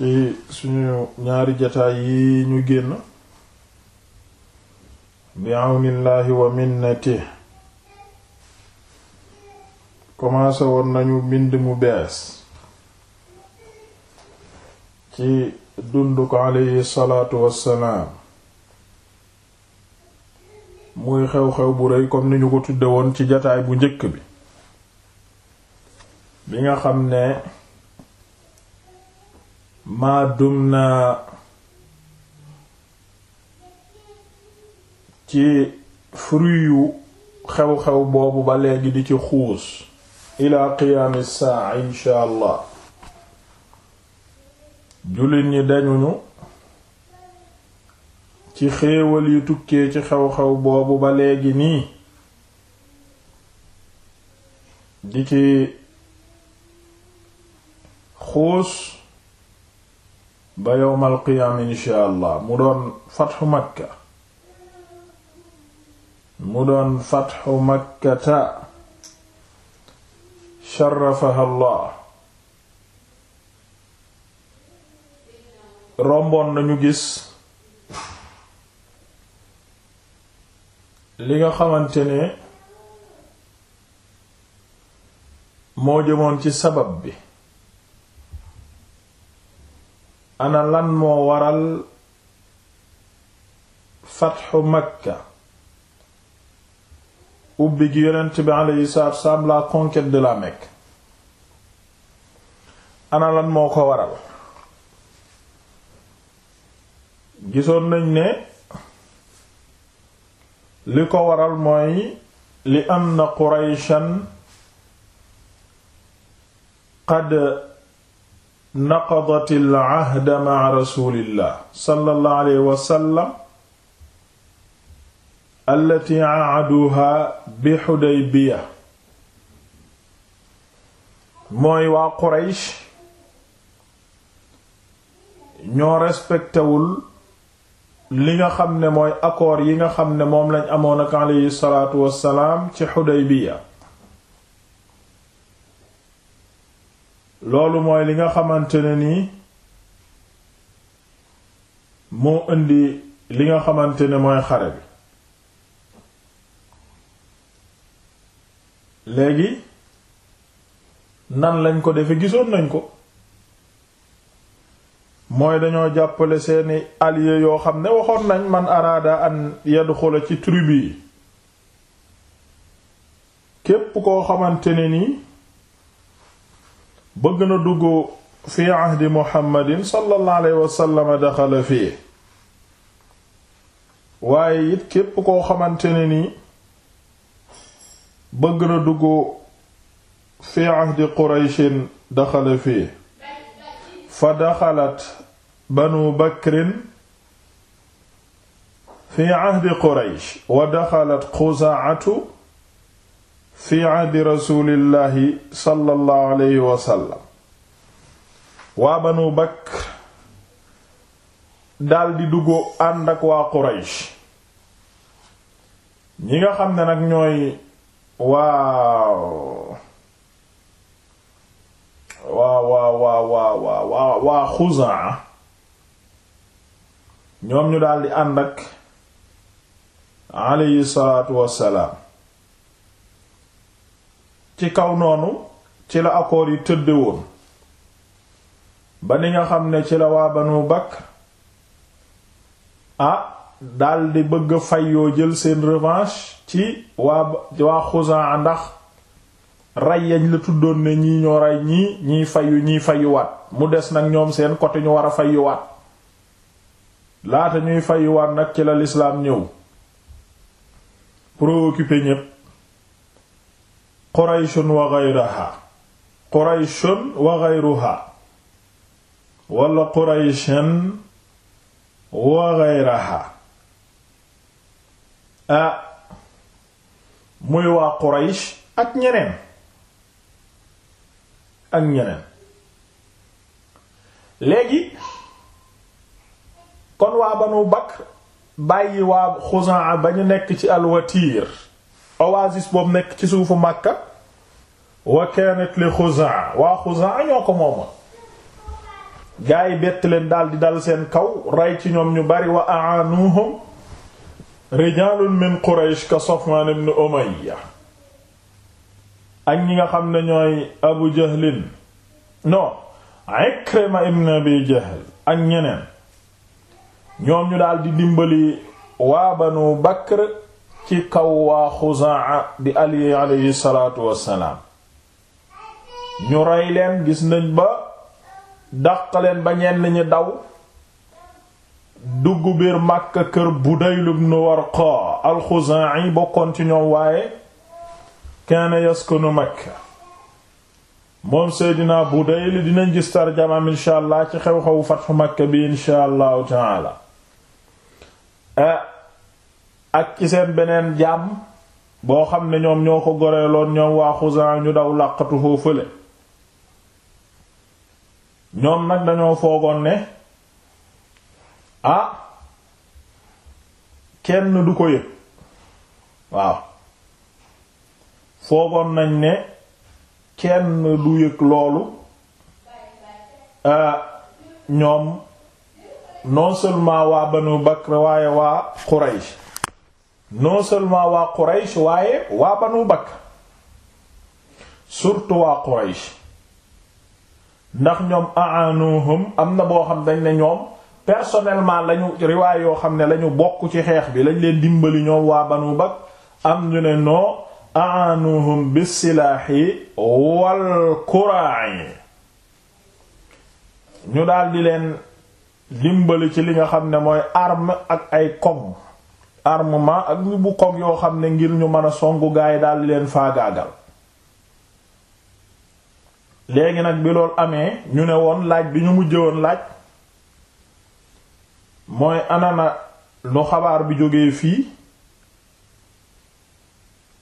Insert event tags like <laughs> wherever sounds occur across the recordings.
ci suñu ñaari jataay yi ñu génn bi àwnillaahi wa minnati commencé woon nañu mbind mu bees ci dundu ko aleyhi salaatu wassalaam muy xew-xew bu rëy comme ni ñu ko tudde woon ci jataay bu njëkk bi bi nga xam ne maa dumna ci fruit yu xew-xew boobu ba léegi di ci xuus ila qiyaami saa insha allah jullit ñi dañuñu ci xéewal yu tukkee ci xew-xew boobu ba léegi nii di ci xuus ba yowmal qiyaam insha allah mu doon fatxu makka mu doon fatxu makkata sharafaha allah romboon nañu gis li nga xamante ne moo jëmoon ci sabab bi ana lan moo waral fatxu makka ubbi gi yonent bi la conquête de moo ko waral gisoon nañ ne li ko waral mooy li am na Qurayshan qad naqadat al ahda ma'a rasulillah sallallahu alayhi wa sallam allati aahaduha bi mooy waa Quraysh ñoo respectéwul li nga xam ne mooy akoor yi nga xam ne moom lañ amoon ak alayhi salaatu wassalaam ci Hudaybiya loolu mooy li nga xamante ne nii moo indi li nga xamante ne mooy xare bi léegi nan lañ ko defe gisoon nañ ko mooy dañoo jàppale seeni alliés yoo xam ne waxoon nañ man araada an yadxula ci tribu yi képp koo xamante ne nii bëgg na dugg fi ahdi muhammadin sallallahu alayhi wasallam daxala fii waaye it képp koo xamante ne ni bëgg na dugg fi ahdi qurayshin daxala fii fa daxalat banu bakrin fi ahdi quraysh wa daxalat xuzaatu fi ahdi rasulillahi sallallahu alayhi wasallam waa banu bakr daldi duggoo ànd ak waa quraysh ñi nga xam ne nag ñooy waa waa waa waa waa waa waa waa xuzaa ñoom ñu daldi ànd ak alayhi salaatu wassalaam ci kaw noonu ci la akoor yi tëdde woon ba ni nga xam ne ci la waa Banu Bakr ah daldi bëgg a fayyoo jël seen revanche ci waa waa Xuzaa ndax rey yañ la tuddoon ne ñii ñoo rey ñii ñii fayyu ñii fayyuwaat mu des nag ñoom seen côté ñu war a fayyuwaat laata ñuy fayyuwaat nag ci la lislaam ñëw qurayshun wa ghayruha qurayshun wa ghayruha wala qurayshun wa ghayruha a muy waa quraysh ak ñeneen ak ñeneen léegi kon waa banu bakr bàyyi waa xuzaa ba ñu nekk ci alwatiir oasis boobu nekk ci suufu Makka wa kanat li Xuzaa waa Xuzaa ñoo ko mooma gaa yi bett leen daal di dal seen kaw rey ci ñoom ñu bari wa aanuhum rijalun min Quraysh ka Safwan ibn Umayya ak ñi nga xam ne ñooy Abu Jahlin non Ikrima ibn Abi Jahl ak ñeneen ñoom ñu daal di dimbali waa Banu Bakr ci kaw waa Xuzaa di Ali alayhi salaatu wassalaam ñu rey leen gis nañ ba dàq leen ba ñenn ñi daw dugg biir màkk kër Budayl ibn Warqa al-Xuzaa'i bokkoon ci ñoom waaye kaana yaskunu Makka moom Seydina Budayl dinañ gis tarjamaam inshaa Allah ci xew-xewu fatxu Makka bi inshaa Allahu taala ak ci seen beneen jaam boo xam ne ñoom ñoo ko goreeloon ñoom waa Xuzaa ñu daw làqatu foofale ñoom nag dañoo foogoon ne ah kenn du ko yëg waaw foogoon nañ ne kenn du yëg loolu euh, ñoom non seulement waa Banu Bakr waaye waa Quraysh non seulement waa Quraysh waaye waa Banu Bakr surtout waa Quraysh ndax ñoom aanuhum am na boo xam dañ ne ñoom personnellement lañu riwaay yoo xam ne lañu bokk ci xeex bi lañ leen dimbali ñoom waa Banu Bakr am ñu ne noo aanuhum bisilaahi wal kurai ñu di leen dimbali ci li nga xam ne mooy arme ak ay kob armement ak ñu bu koog yoo xam ne ngir ñu mën a songu gaay daldi leen faagaagal léegi nag bi loolu amee ñu ne woon laaj bi ñu mujj woon laaj mooy anana lu xabaar bi jógee fii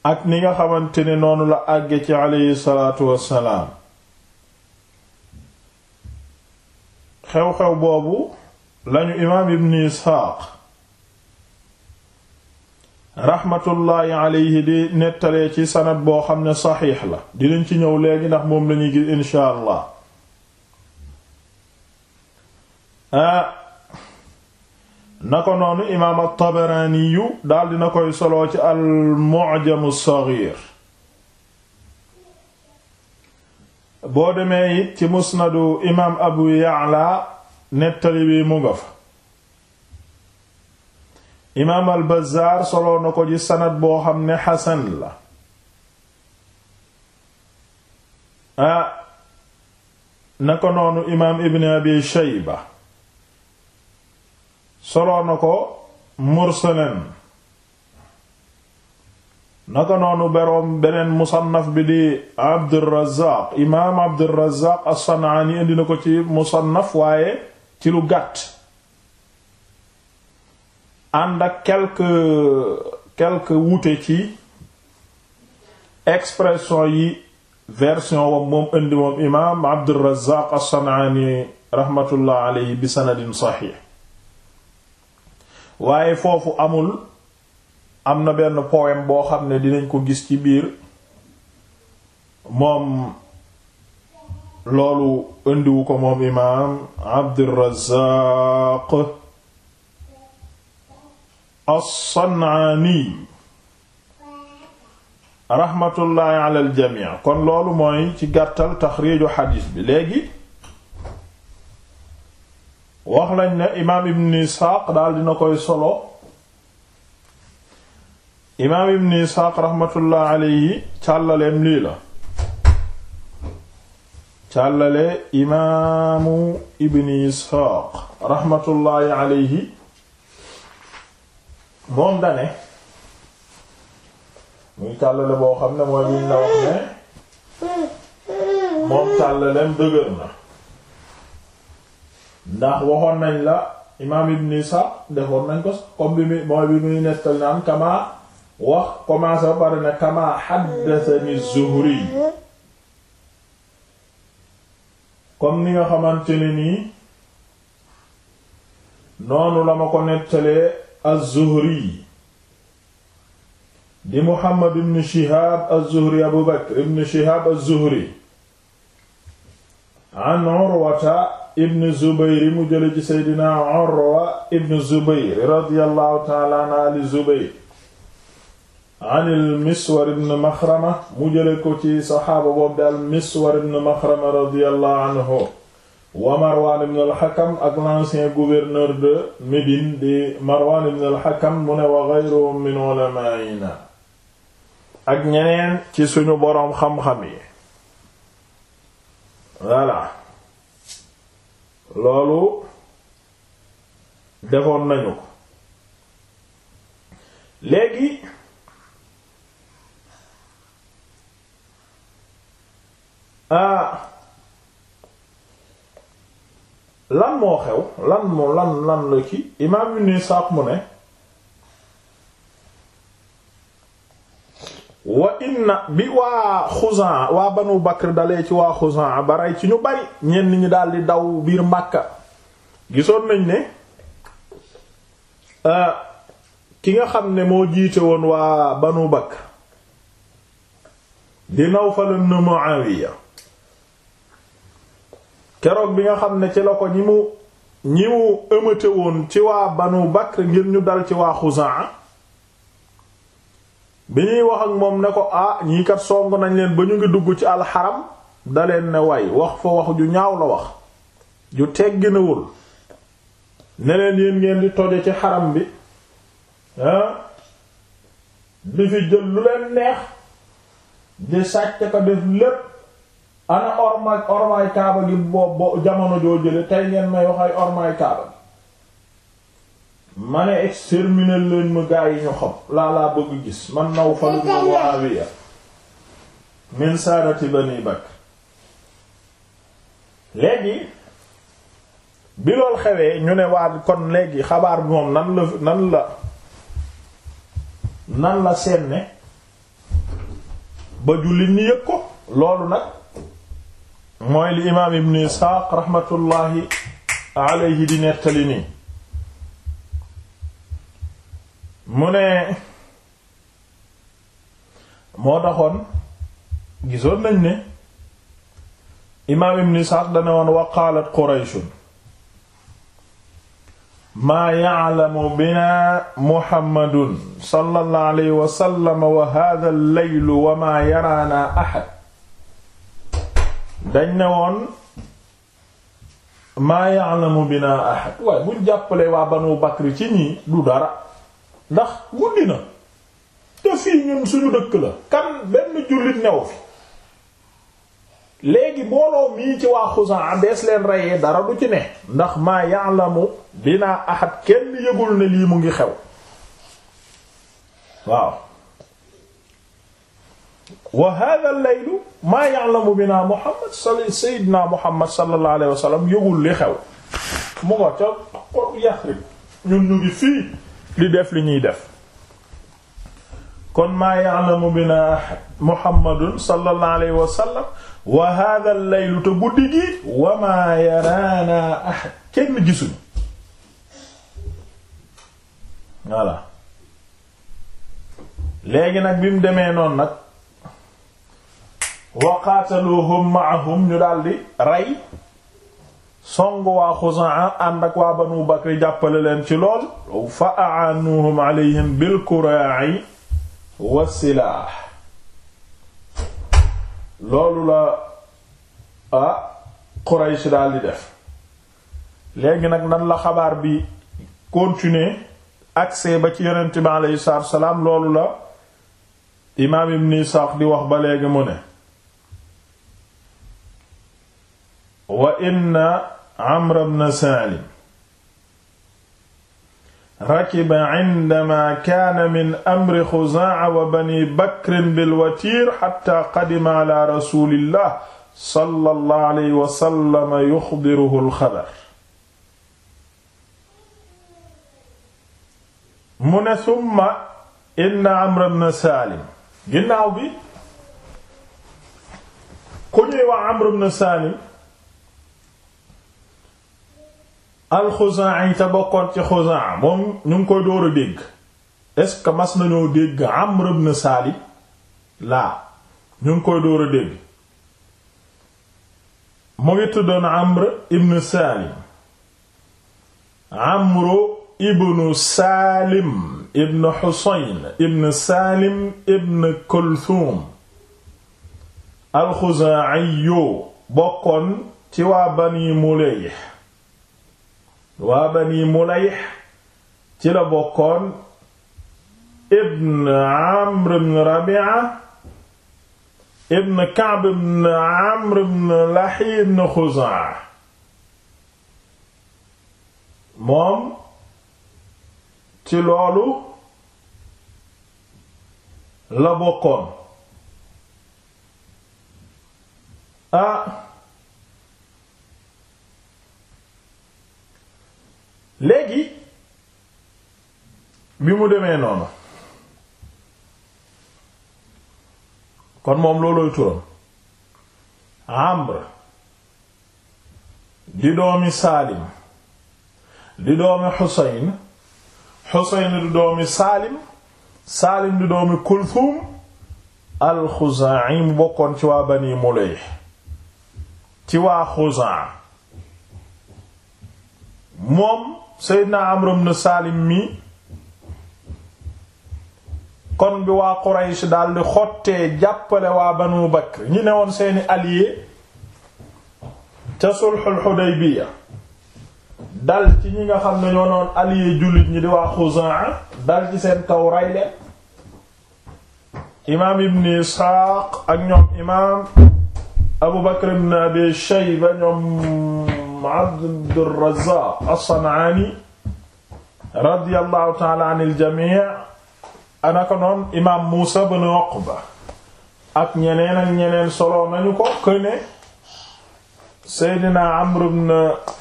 ak ni nga xamante ne noonu la àgge ci aleyhi salaatu wassalaam xew-xew boobu lañu imaam ibn Isxaaq raxmatullaahi alayhi di nettalee ci sanad boo xam ne saxiix la dinañ ci ñëw léegi ndax moom lañuy gis insha allah ah, na ko noonu imaam at-Tabarani yu daal dina koy soloo ci al-Mu'jam as boo demee it ci musnadu imaam Abu Ya'la nettali bi mu nga fa imaam al bazaar soloo na ko ci sanad boo xam ne xasan la ah na ko noonu imaam ibn abi shayba soloo na ko mursalan na ko noonu beroom beneen musannaf bi di abdurazaq imaam abdurazaq as-sanaani indi na ko ci musannaf waaye ci lu gàtt ànd ak quelque quelque wuute ci expression yi version wam moom indi moom imaam Abdurrazzaq as-San'aani rahmatullah alayhi bi sanadin saxiix waaye foofu amul am na benn poème boo xam ne dinañ ko gis ci biir moom loolu indiwu ko moom imaam Abdurrazzaq as-San'aani raxmatullaahi alal jamii kon loolu mooy ci gàttal taxriiju xadiis bi léegi wax lañ ne imaam ibn isxaaq daal dina koy solo imaam ibn isxaaq raxmatullaahi alayhi càllaleem lii la càllale imaamu ibn isxaaq raxmatullaahi alayhi moom dane muy tàllale boo xam ne mooy liñ la wax ne moom tàllaleem dëgër na ndax waxoon nañ la imaam ibn Isa defoon nañ ko comme bi muy mooy bi muy nettal naan kama wax commencé ba pare ne kama haddathani Zuhri comme ni nga xamante nii noonu la ma ko nettalee az-Zuhri di Muhammad ibn Shihab az-Zuhri Abu Bakr ibn Shihab az-Zuhri an Urwata ibn Zubayr mu jële ci Seydina Urwa ibn Zubayr radiyallahu ta'ala an Ali Zubayr an al-Miswar ibn Maxrama mu jële ko ci saxaaba boobu di al-Miswar ibn Maxrama radiyallahu anhu waa Marwan ibn al-Hakam ak l'ancien gouverneur de Médine di Marwan ibn al-Hakam mu ne wa ghayruhum min ulama'ina ak ñeneen ci suñu boroom xam-xam yi voilà loolu defoon nañu ko léegi ah, lan moo xew lan moo lan lan la ki imaam yu ne saaq mu ne wa inna bi waa Xuzaa waa Banu Bakr dalee ci waa Xuzaa ba rey ci ñu bari ñenn ñi daal di daw biir Makka gisoon nañ ne euh, ki nga xam ne moo jiite woon waa Banu Bakr di Nawfal ibn Muawiya keroog bi nga xam ne ci la ko ñi mu ñi mu ëmate woon ci waa Banu Bakr ngir ñu dal ci waa Xuzaa bi ñuy wax ak moom ne ko ah ñiikat kat song nañ leen ba ñu ngi dugg ci alxaram daleen ne way wax fa wax ju ñaaw la wax ju tegginawul ne leen yéen ngeen di toje ci xaram bi ah di fi jël lu leen neex di sàcc ko def lépp ana orma ormaay kaaba gi boobu jamono joo jële tey ngeen may wax ay ormaay kaaba ma ne exterminer leen ma gaa yi ñu xam laa laa bëgg gis man Nawfal ibn Muawiya min saadati Bani Bakr léegi bi lool xewee ñu ne waa kon léegi xabaar bi moom nan la nan la nan la seenne ba jullit ñi yëg ko loolu nag mooy li imaam ibn isxaaq raxmatullaahi alayhi di nettali mu ne moo taxoon gisoon nañ ne imaam ibn isxaaq dane woon wa qaalat qurayshun maa ya'lamu bina muhammadun sallallahu alayhi wa sallam wa haadha al wa maa yaraana ahad dañ ne woon maa ya'lamu bina ahad waaye buñ jàppalee waa banu bakri ci ñii du dara ndax guddi na te fii ñun suñu dëkk la kan benn jullit new fi léegi mbooloo mii ci waa Xuzaa bees leen reyee dara du ci ne ndax maa ya'lamu bina ahad kenn yëgul ne lii mu ngi xew waaw wa hadha al-laylu maa ya'lamu bina Muhammad sayyidina Muhammad sallallahu alayhi wa sallam yëgul li xew mu nga ca ko Yasrib ñun ñu ngi fii li def li ñuy def kon maa ya'lamu bina Muhammadun sallallahu alayhi wa sallam wa hadha al wa maa yaraana nag bi mu demee noonu nag wa qaataluhum ma'ahum ñu daldi rey song waa Xuzaa ànd ak waa Banu Bakr jàppale leen ci lool fa a'aanuhum alayhim bil kuraa'i wa loolu la ah Quraysh daldi def léegi nag nan la xabaar bi continuer agsee ba ci yonent bi alayhi salaam loolu la imaam Ibn Isaaq di wax ba léegi mu ne wa inna amra bna saalim rakiba indama kaana min amri xuzaaca wa bani bakrin bilwatiir xatta qadima ala rasulillah sallallahu alayhi wa sallam yuxbiruhu alxabar mu ne summa inna amra bna saalim ginnaaw bi ku ñuy wax amra bna saalim alxuzaa'i te bokkoon ci xuzaa moom ñu ngi koy door a dégg est-ce que mas nañoo dégg Amr ibn Saalib laa ñu ngi koy door a dégg mu ngi tuddoon Amr ibn Saalim Amru ibn Saalim ibn Husayn ibn Saalim ibn bokkoon ci waa Bani Mulayh waa bani mulayx ci la bokkoon ibn amr ibn rabia ibn kaab ibn amr ibn lahi ibn xuzaa moom ci loolu la bokkoon ah léegi bi mu demee noonu kon moom loolooy turam Amr di doomi Saalim di doomi Xuseyn Xuseyn di doomi Saalim Saalim di doomi Kulthum al mu bokkoon ci waa Bani Mulayh ci waa Xuzaa moom Seydina Amr ibn Salim mi kon bi waa Quraysh daldi xottee jàppale waa Banu Bakr ñi ne woon seeni alliés ca sulhul Hudaybiya dal ci ñi nga xam ne ñoo noon jullit ñi di waa Xuzaa dal ci seen kaw rey imaam Ibn Isxaaq ak ñoom imaam Abu Bakr ibn Abi Shayba ñoom Abdurrazaaq as-Sanaani radiyallahu taala anil jamii' anaka noon imaam Muusa ibn Uqba ak ñeneen ak ñeneen solo nañu ko këne Seydina Amr ibn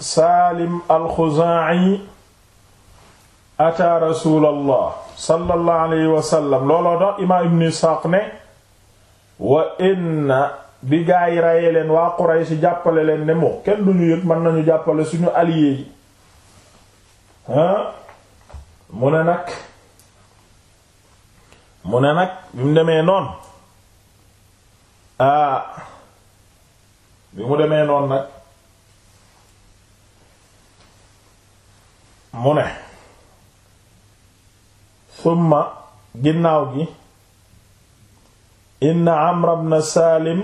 Saalim al-Xuzaa'i ataa rasuulallah sallallahu alayhi wa sallam looloo tax imaam Ibn Isxaaq ne wa inna bi gaa yi rayee leen waa si jàppale leen ne moo kenn duñu yëg mën nañu jàppale suñu allié yi mu ne nag mu ne nag bi mu demee noon aa ah, noon nag mu ne summa ginnaaw gi inna Amr na Salim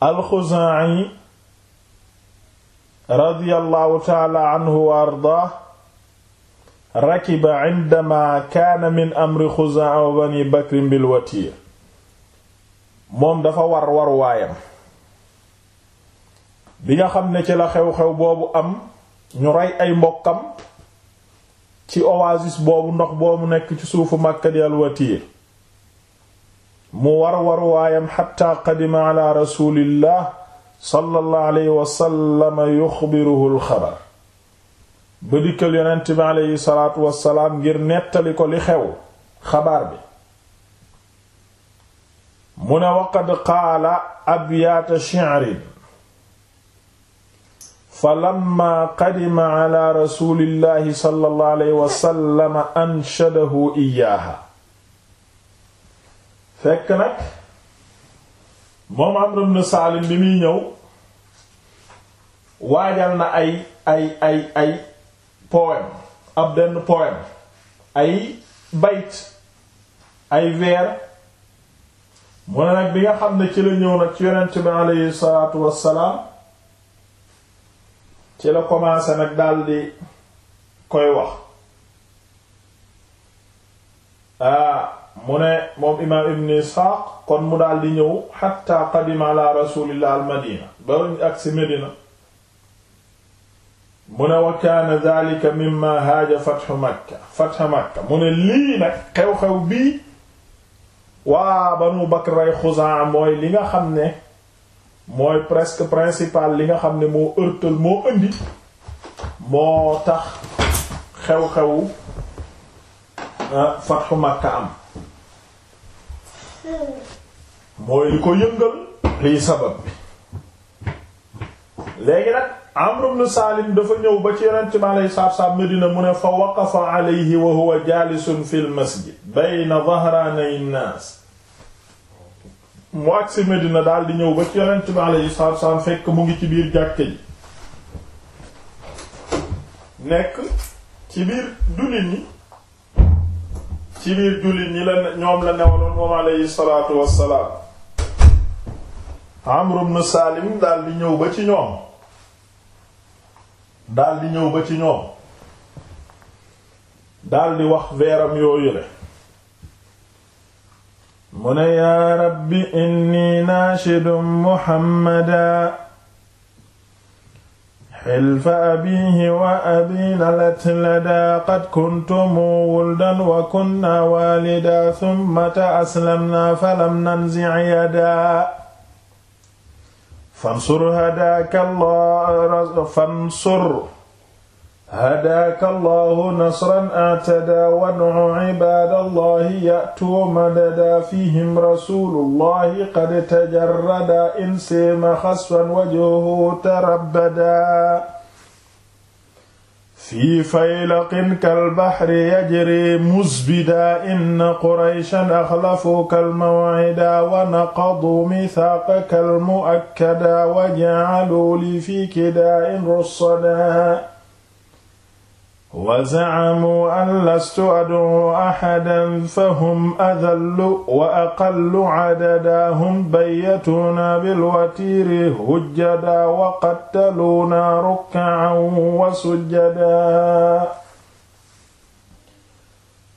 alxuzaa'i radiyallahu taala anhu wa ardaah rakiba indama kaana min amri xuzaa wa bani bakrin bil watiir moom dafa war war waayam bi nga xam ne ci la xew-xew boobu am ñu rey ay mbokkam ci oasis boobu ndox boobu nekk ci suufu Makka di al watiir mu war war waayam xataa qadima ala rasulillah sallallahu alayhi wa sallam yuxbiruhu alxabar ba dikkal yonent bi aleyhi salaatu wasalaam ngir nettali ko li xew xabaar bi mu ne waqad qaala abyaata shi'rin falamma qadima ala rasulillahi sallallahu alayhi wa sallam anshadahu iyaaha fekk nag moom Amr ibn Salim bi muy ñëw waajal na ay ay ay ay poème ab benn poème ay bayt ay vers mu ne nag bi nga xam ne ci la ñëw nag ci yonent bi aleyhi salaatu wassalaam ci la commencé nag daldi koy wax ah, mu ne moom imaam ibn isxaaq kon mu daal di ñëw xatta qadima ala rasulillah al madina baruñ ak medina mu ne wa kaana dhalika mimma haaja fathu makka mu ne lii nag xew-xew bii waa banu bakray xuzaa mooy li nga xam ne mooy presque principal li nga xam ne moo ërtal moo indi moo tax xew-xewu ah, fathu makka am mooy li ko yëngal liy sabab bi léegi nag Amr ibn Salim dafa ñëw ba ci yonent bi alayhi salaatu salaam Medina mu ne fa waqafa alayhi wa huwa jaalisun fil masjid bayna dhahraanay naas mu agsi Medina daal di ñëw ba ci yonent bi alayhi salaatu salaam fekk mu ngi ci biir jàkke ji nekk ci biir duli ñi ci biir jullit ñi la ñoom la newaloon moom aleyhi salaatu wassalaam Amr ibn Salim daal di ñëw ba ci ñoom daal ñëw ba ci ñoom daal wax veeram yooyu le mu ne yaa rabbi inni naashidun muhammadaa xilfa abiihi wa abiina latlada qad kuntum wuldan wa kunna waalida summa aslamna falam nanzi yada fansur hadaaka Allah fansur hadaaka allahu nasran atadaa wadcu cibaadallahi ya'tuu madadaa fihim rasuulullahi qad tajarradaa in seema xasfan wajhuhu tarabbadaa fii faylaqin kalbaxri yajri musbidaa inna qurayshan axlafuu kalmawcidaa wa naqaduu mithaaqaka almu'akkadaa wa jacaluu li fii kidaa'in rusadaa wa zacamuu an lastu ad'u axadan fahum adallu wa aqallu cadada hum bayyatuuna bilwatiiri hujjada wa qattaluuna rukkacan wa sujjada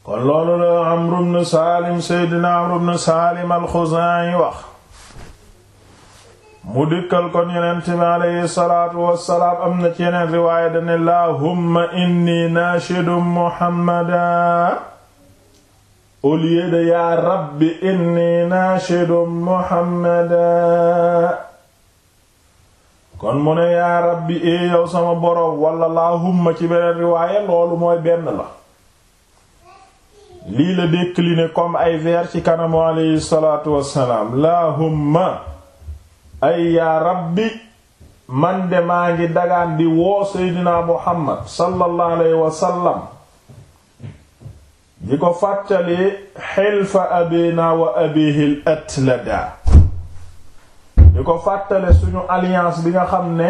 kon loolu la Amru bnu Saalim Seydina Amru bnu Saalim al-Xuzaa'i wax mu dikkal kon yonent bi alayhi salaatu wassalaam am na ci yeneen riwaaya dane lahumma inni nashidu muhammadan au lieu de yaa rabbi inni nashidu muhammadan kon mu ne yaa rabbi ee sama boroom wala lahumma ci beneen riwaaya loolu mooy benn la lii la décliné comme ay vers ci kanamu alayhi salaatu wassalaam lahumma ay yaa rabbi man de maa ngi dagaan di woo seydina muhammad sallallahu alayhi wa sallam di ko fàttali xilfa abina wa abihil atlada di ko fàttale suñu alliance bi nga xam ne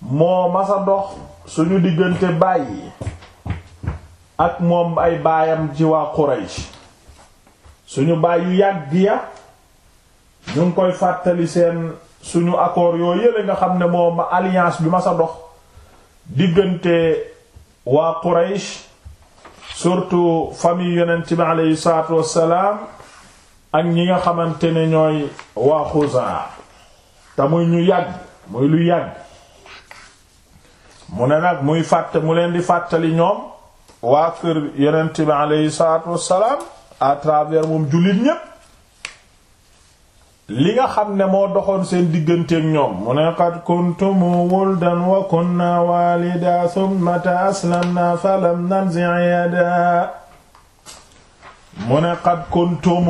moo masa dox suñu diggante bàyyi ak moom ay baayam ci waa Quraysh suñu baay yu yàgg ya ñu ngi koy fàttali seen suñu accord yoo yële nga xam ne moom alliance bi ma sa dox diggante waa Quraysh surtout famille yonent bi aleyhi salaatu wassalaam ak ñi nga xamante ne ñooy waa Xuzaa te ñu yàgg muy lu yàgg mu ne nag muy fàtte mu leen di fàttali ñoom waa kër yonent bi aleyhi salaatu wassalaam à travers moom jullit ñépp li nga xam ne moo doxoon seen digganteek ñoom mu ne qad kuntum wuldan wa kunna walida thumma aslamna falam nanzi yada mu ne qad kuntum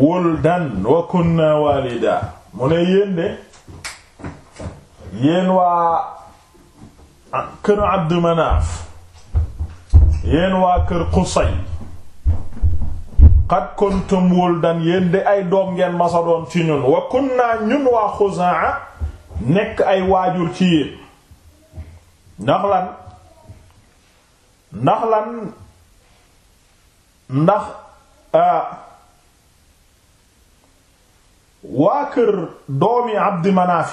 wuldan wa kunna walida mu ne yéen de yéen waa kër Abdu Manaaf yéen waa kër Qusay qad kuntum wuldan yéen de ay doom ngeen masa doon ci ñun wa kunna ñun waa Xuzaa nekk ay waajur ci yéen ndax lan ndax lan ndax waa kër doomi Abdi Manaaf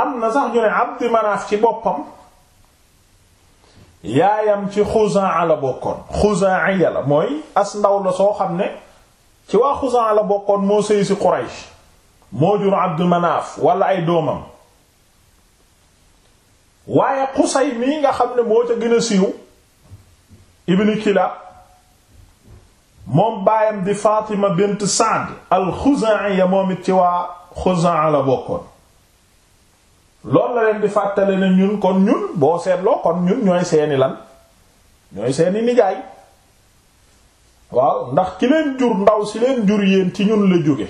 am na sax ñu ne Abdi Manaaf ci boppam yaayam ci Xuzaa la bokkoon Xuzaa'iya la mooy as ndaw la soo xam ne ci waa Xuzaa la bokkoon moo sëy si Quraysh moo jur Abdu Manaaf wala ay doomam waaye Qusay mii nga xam ne moo ca gën a siiw ibni Kilaab moom baayam di Faatima bint Sa'd al-Xuzaa'iya moom it ci waa Xuzaa la bokkoon loolu la leen di fàttale na ñun kon ñun boo seetloo kon ñun ñooy seeni lan ñooy seeni nijaay waaw ndax ki leen jur ndaw si leen jur yéen ci ñun la jóge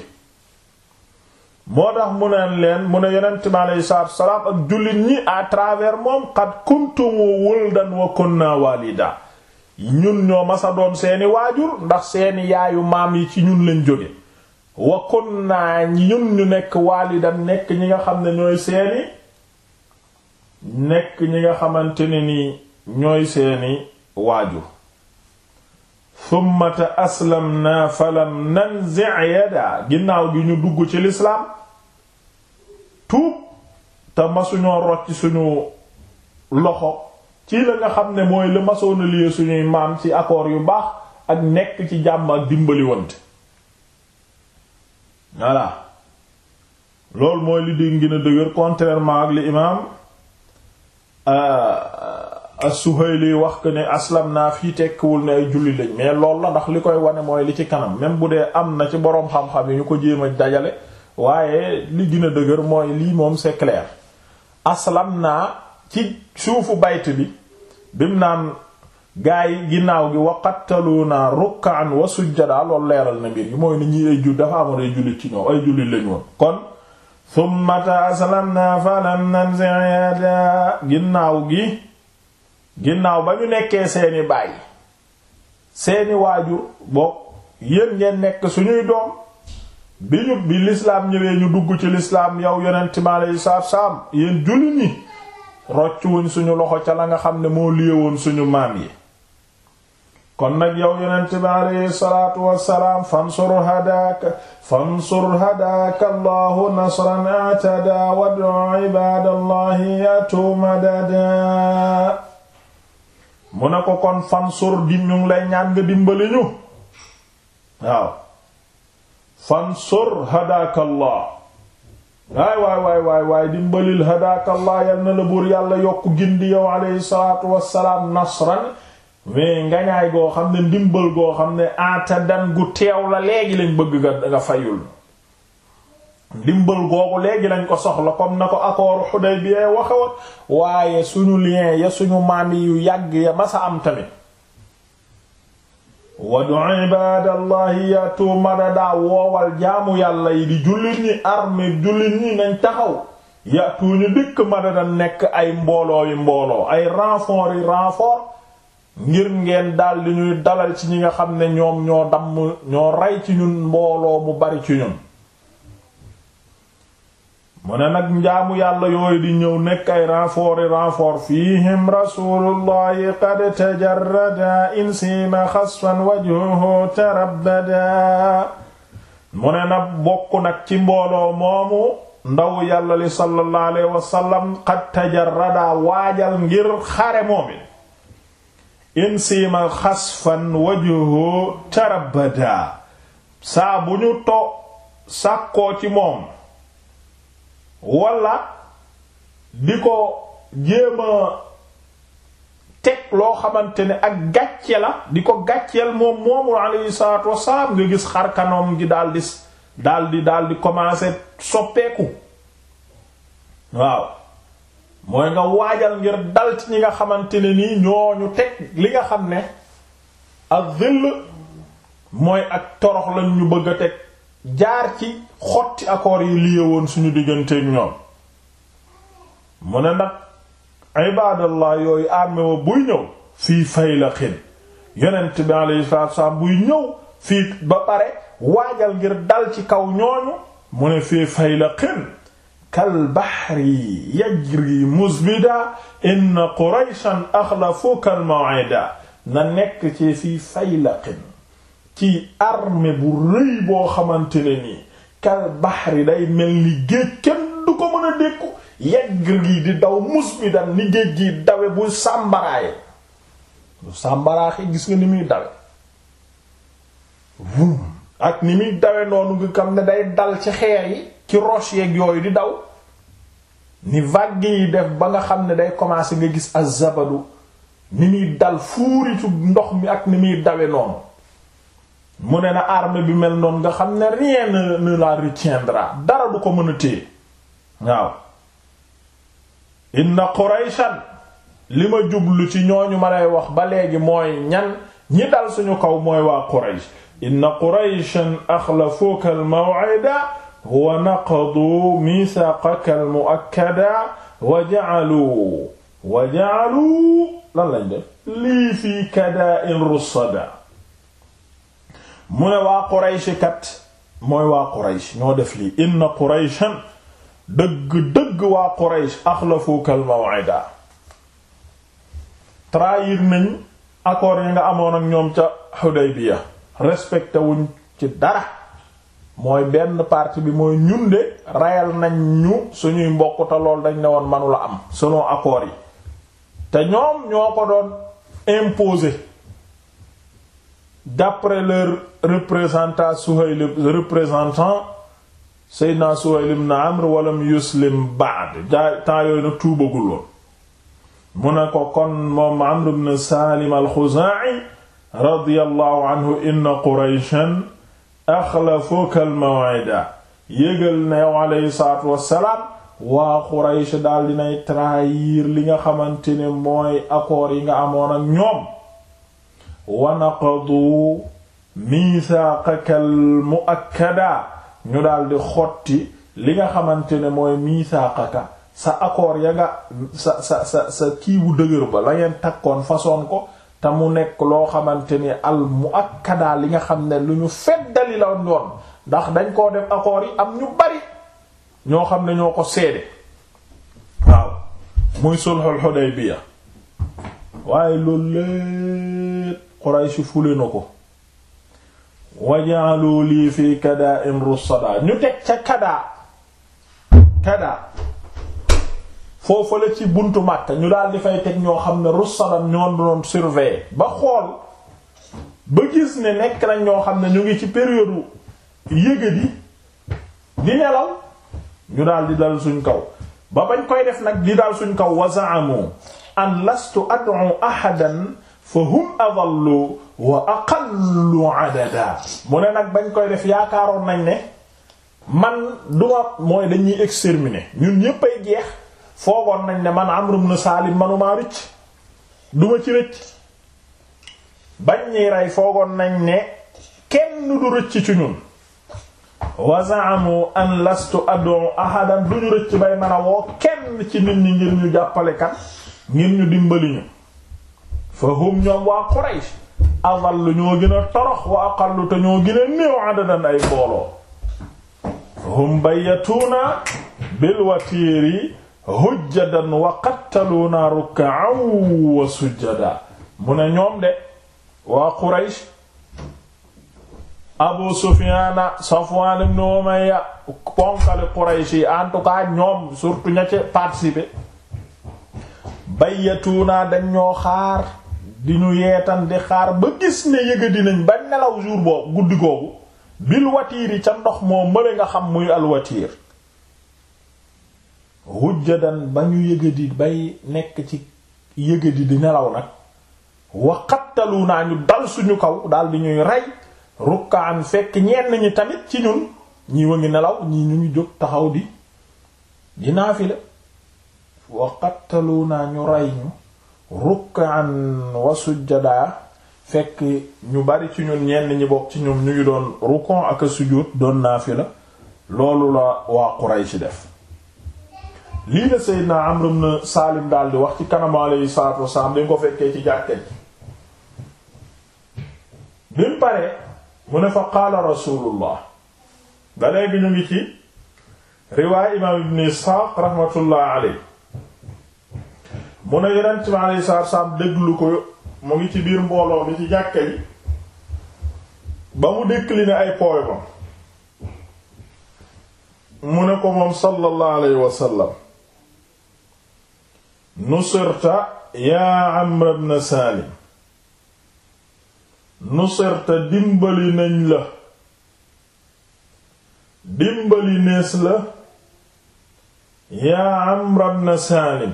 moo tax mu ne leen mu ne yonent mi aleyhi ak jullit ñi à travers moom qad kuntum wuldan wa kunna walida ñun ñoo masa doon seeni waajur ndax seeni yaayu maam yi ci ñun lañ jóge wa kunna ñun ñu nekk walidan nekk ñi nga xam ne ñooy seeni nekk ñi nga xamante ne ni ñooy seeni waaju summata aslamna falam nanzi yada ginnaaw gi ñu dugg ci lislaam tuub te masuñoo rocc suñu loxo ci la nga xam ne mooy la masoona liee suñuy maam ci accord yu baax ak nekk ci jàmm ak dimbali wante voilà loolu mooy li di gën dëgër contrairement ak li imaam as-Suhayli euh, euh, wax que ne aslam naa fii tekkiwul ne ay julli lañ mais loolu la ndax li koy wane mooy li ci kanam même bu dee am na ci boroom xam-xam yi ñu ko jéem a dajale waaye li gën a dëgër mooy lii moom c'est clair aslam naa ci suufu bayt bi bim naan gaa yi ginnaaw gi waqattaluna ruk'an wa sujjada loolu leeral na mbir yi mooy ni ñi ay ju dafa amoon ay jullit ci ñoom ay jullit lañ woon thumma aslamna falam nanzi yada ginnaaw gi ginnaaw ba ñu nekkee seeni baay seeni waajur bokk yéen ngeen nekk suñuy doom bi ñu bi lislaam ñëwee ñu dugg ci lislaam yow yonent mi aleyhi salaatu salaam yéen jullit ñi rocc wuñ suñu loxo ca la nga xam ne moo liyewoon suñu maam yi kon nag yow yonent bi alayhi salaatu wassalaam fansur hadaaka nasran atada wadu ibadallahi yatu madada mu ne ko kon fansur di ñu lay ñaan nga dimbali ñu waaw fansur hadaaka allah waay waay waay waay waay dimbalil hadaaka na la buur yàlla yokk gindi yow alayhi salaatu wassalaam nasran mais ngañaay goo xam ne ndimbal goo xam ne ata dan gu teew la léegi lañ bëgg nga fayul ndimbal googu léegi lañ ko soxla comme ko accord Hudaybiya waaye suñu lien ya suñu maam yu yàgg ya masa am tamit wadu ibadallahi yatu madada woowal jaamu yàlla yi di jullit ñi armée jullit ñi nañ taxaw yatu ñu dikk madada nekk ay mbooloo yi mbooloo ay renfort yi ngir ngeen daldi ñuy dalal ci ñi nga xam ne ñoom ñoo damm ñoo rey ci ñun mbooloo mu bari ci ñun mu ne nag njaamu yàlla yooyu di ñëw nekk ay renfort i renfort fiihim rasulullahi qad tajarrada insiima xasfan wajhuhu tarabbada mu ne nag bokk nag ci mbooloo moomu ndaw yàlla li sallallahu alayhi wasallam qad tajarrada waajal ngir xare moomi insiima xasfan wajhu tarabada saa bu ñu to sàkkoo ci moom walla di ko jéema teg loo xamante ne ak gàcce la di ko gàcceel moom moomu alayhi salaatu wassalaam nga gis xar kanoom gi daldi daldi daldi commencer soppeeku waaw mooy nga waajal ngir dal ci ñi nga xamante ne nii ñooñu teg li nga xam ne ak zill mooy ak torox lañ ñu bëgg a teg jaar ci xotti accords yi lié woon suñu digganteeg ñoom mu ne nag ibadallah yooyu armée wa buy ñëw fii fay la xin yonent bi alayhi salaatu salaam buy ñëw fii ba pare waajal ngir dal ci kaw ñooñu mu ne fii fay la xin kal bahri yajri musbida inna qurayshan axlafu kal maw'ida na nekk ci fii faylaqin ci armée bu rëy boo xamante nii kal bahri day mel ni géej kenn du ko mën dékku yajri di daw musbida ni géej gi dawe bu sàmbaraaye bu sàmbaraaxe gis nga ni muy dawe wum ak ni muy dawe noonu nga kam ne day dal ci xeer yi ci roche yooyu di daw ni vague yi def ba nga xam ne day commencer nga gis azabadu ni muy dal fuuritu ndox mi ak ni muy dawe noonu mu ne na arme bi mel noonu nga xam ne rien ne la retiendra dara du ko mën a téye waaw inna qurayshan li ma jublu ci ñooñu ma lay wax ba léegi mooy ñan ñi dal suñu kaw mooy waa quraysh inna qurayshan akhlafuka al maw'ida huwa naqadu misaaqaka almuakkada wa ja'alu wa ja'alu lan lañ def lii fii kadaa'in russada mu ne waa Quraysh kat mooy waa Quraysh ñoo def lii inna Qurayshan dëgg-dëgg waa Quraysh axlafuka almaw'ida trahir nañ accord yi nga ñoom ca Hudaybiya respecté wuñ ci dara mooy benn partie bi mooy ñun de rayal nañ ñu suñuy mbokk te dañ ne woon manula am selon accords yi te ñoom ñoo ko doon impose d'après leur représentant Suhayl représentant Seydina Suhayl ibn Amr walam yuslim ba'd jaay temps yooyu nag tuubagul mu ne ko kon moom Amr ibn Salim al-Khuzaa'i inna Qurayshan axlafuka al yégal ne yow aleyhi salaatu wassalaam waa Quraysh daal dinay trahir li nga xamante ne mooy accord yi nga amoon ak ñoom wa naqadu miisaaqaka al mu'akkada ñu daal di xotti li nga xamante ne mooy miisaaqaka sa accord ya nga sa sa sa sa dëgër ba la ngeen takkoon façon ko te mu nekk loo xamante ni al kadaa li nga xam ne lu ñu feddali la doon ndax dañ koo def accords yi am ñu bari ñoo xam ne ñoo ko seede waaw muy sulhul Hudaybiya waaye loolu lépp Quraysh fule na ko waja'alu li fi kada in rusada ñu teg ca kada kada foofu la ci buntu Makka ñu daal di fay teg ñoo xam ne russalam ñoo doon surveiller ba xool ba gis ne nekk nañ ñoo xam ne ñu ngi ci période yëgadi di nelaw ñu daal di dal suñ kaw ba bañ koy def nag di dal suñ kaw wa za'amu an lastu ad'u ahadan fa hum adallu wa aqallu adada mu ne nag bañ koy def yaakaaroon nañ ne man duma mooy dañuy exterminer ñun ñépp ay jeex foogoon nañ ne man Amr ibn Salim manumaa rëcc duma ci rëcc bañ ñi rey foogoon nañ ne kenn du rëcc ci ñun wa an lastu ad'u ahadan duñu rëcc bay mën woo kenn ci nit ñi ngir ñu jàppale kan ngir ñu dimbali ñu fa hum ñoom waa Quraysh adallu ñoo gën torox wa aqallu te ñoo gën néew adadan ay mbooloo hum bayyatuna bil watiiri hujjadan wa qattaluna ruk'an wa sujjada mu ne ñoom de waa Quraysh Abu Sufyaana Safwaan ibn Umayya ponkali Quraysh yi en ñoom surtout ña ci participer bayyatuunaa dañ ñoo xaar di ñu yeetan di xaar ba gis ne yëga dinañ ba nelaw jour boobu guddi googu bil watiir yi ca ndox moo mële nga xam muy al watiir hujjadan ba ñu yëgadi bay nekk ci yëgadi di nelaw nag waqattalu naa suñu kaw daal ñuy rey rukkaan fekk ñenn ñi tamit ci ñi wa nelaw ñi ñu ngi jóg taxaw di di naa ñu rey ñu rukkaan sujjadaa fekk ñu bari ci ñun ñenn ñi bokk ci ñoom ñu ngi doon rukon ak a sujud doon naafila loolu la waa Quraysh def lii la Seydina Amr ibn Salim daal di wax ci kanamu alayhi salaatu wasalaam dañ ko fekkee ci jàkka ji bi mu paree mu ne fa qaala rasulullah ba bi ñu ngi ci riwaay imaam ibn Isxaaq rahmatullah alayhi mu ne yonent bi alayhi salaatu ko mu ngi ci biir mbooloo mi ci jàkka ji ba mu décliné ay poemam mu ne ko moom sallallahu alayhi wa sallam nusirta yaa Amr ibn Saalim nusirta dimbali nañ la dimbali nees la yaa Amr Saalim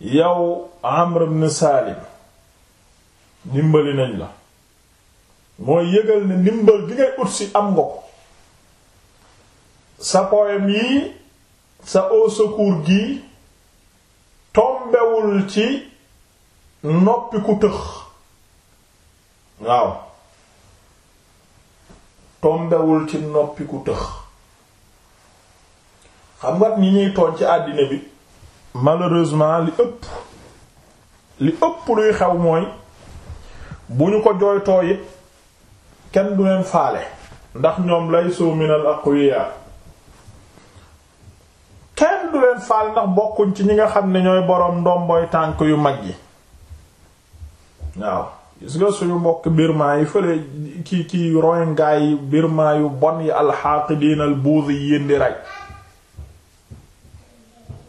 yow Amr ibn Saalim dimbali nañ la mooy yëgal ne ndimbal gi ngay ut si am nga ko sa poème yii sa au secours gii tombewul ci noppi ku tëx waaw tombewul ci noppi ku tëx xam nga ni ñuy tooñ ci àddina bi malheureusement li ëpp li ëpp luy xew mooy bu ñu ko jooytoo it kenn du leen faale ndax ñoom lay soo minal aqwiya leen faal ndax bokkuñ ci ñi nga xam ne ñooy boroom ndomboy tànk yu mag yi waaw gis nga suñu mbokk birman yi fële kii ki royngaa yi yu bon yi alxaaqidiin al buuzi yi yéndi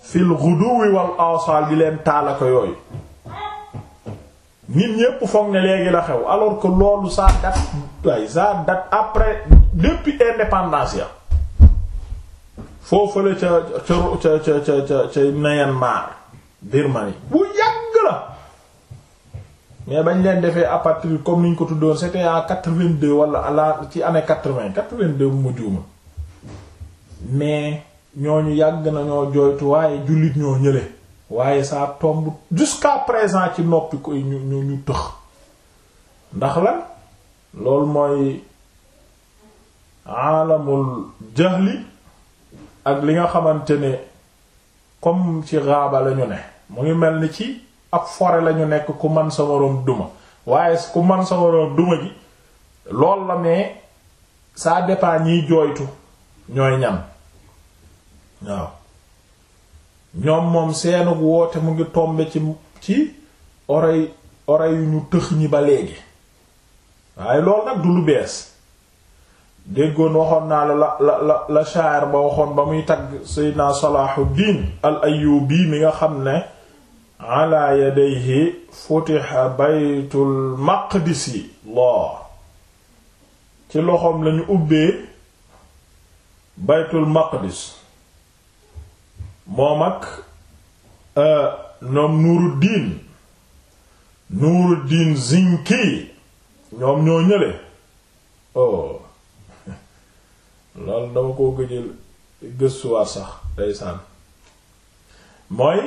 fil ghuduwi wal asal di leen taalaka yooyu nit ñépp foog ne léegi la xew alors que loolu ça date waaye ça date après depuis indépendance ya foofu ca ca ca ca ca ca Myanmar Birmanie bu yàgg la mais bañ leen defee apatride comme niñ ko tuddoon c'était en quatre-vingt-deux wala à la ci année quatre-vingt quatre-vingt-deux bu ma juuma mais ñooñu yàgg nañoo jooytu waaye jullit ñoo ñële waaye ça tombe jusqu'à présent ci noppi ko ñu ñu ñu tëx ndax la loolu mooy alamul jahli ak li nga xamante ne comme ci raaba la ñu ne mu ngi mel ni ci ab fore la ñu nekk ku man sa waroom duma waaye ku man sa waroom duma gi lool la mais ça dépend ñiy jooytu ñooy ñan waaw ñoom moom seenu woote mu ngi tombe ci ci oreille oreille yu ñu tëx ñi ba léegi waaye loolu nag du lu bees déggoon waxoon naa la la la la la shaar ba waxoon ba muy tagg seydina Salahuddin al Ayyubi mi nga xam ne ala yadayhi futiha baytul maqdisi laa ci loxoom lañu ubbee baytul maqdis moom ak euh, ñoom Nuruddin Nuruddin Zinki ñoom ñoo ñële oh. loolu dama koo gëjël gëstuwaat sax ndeysaan mooy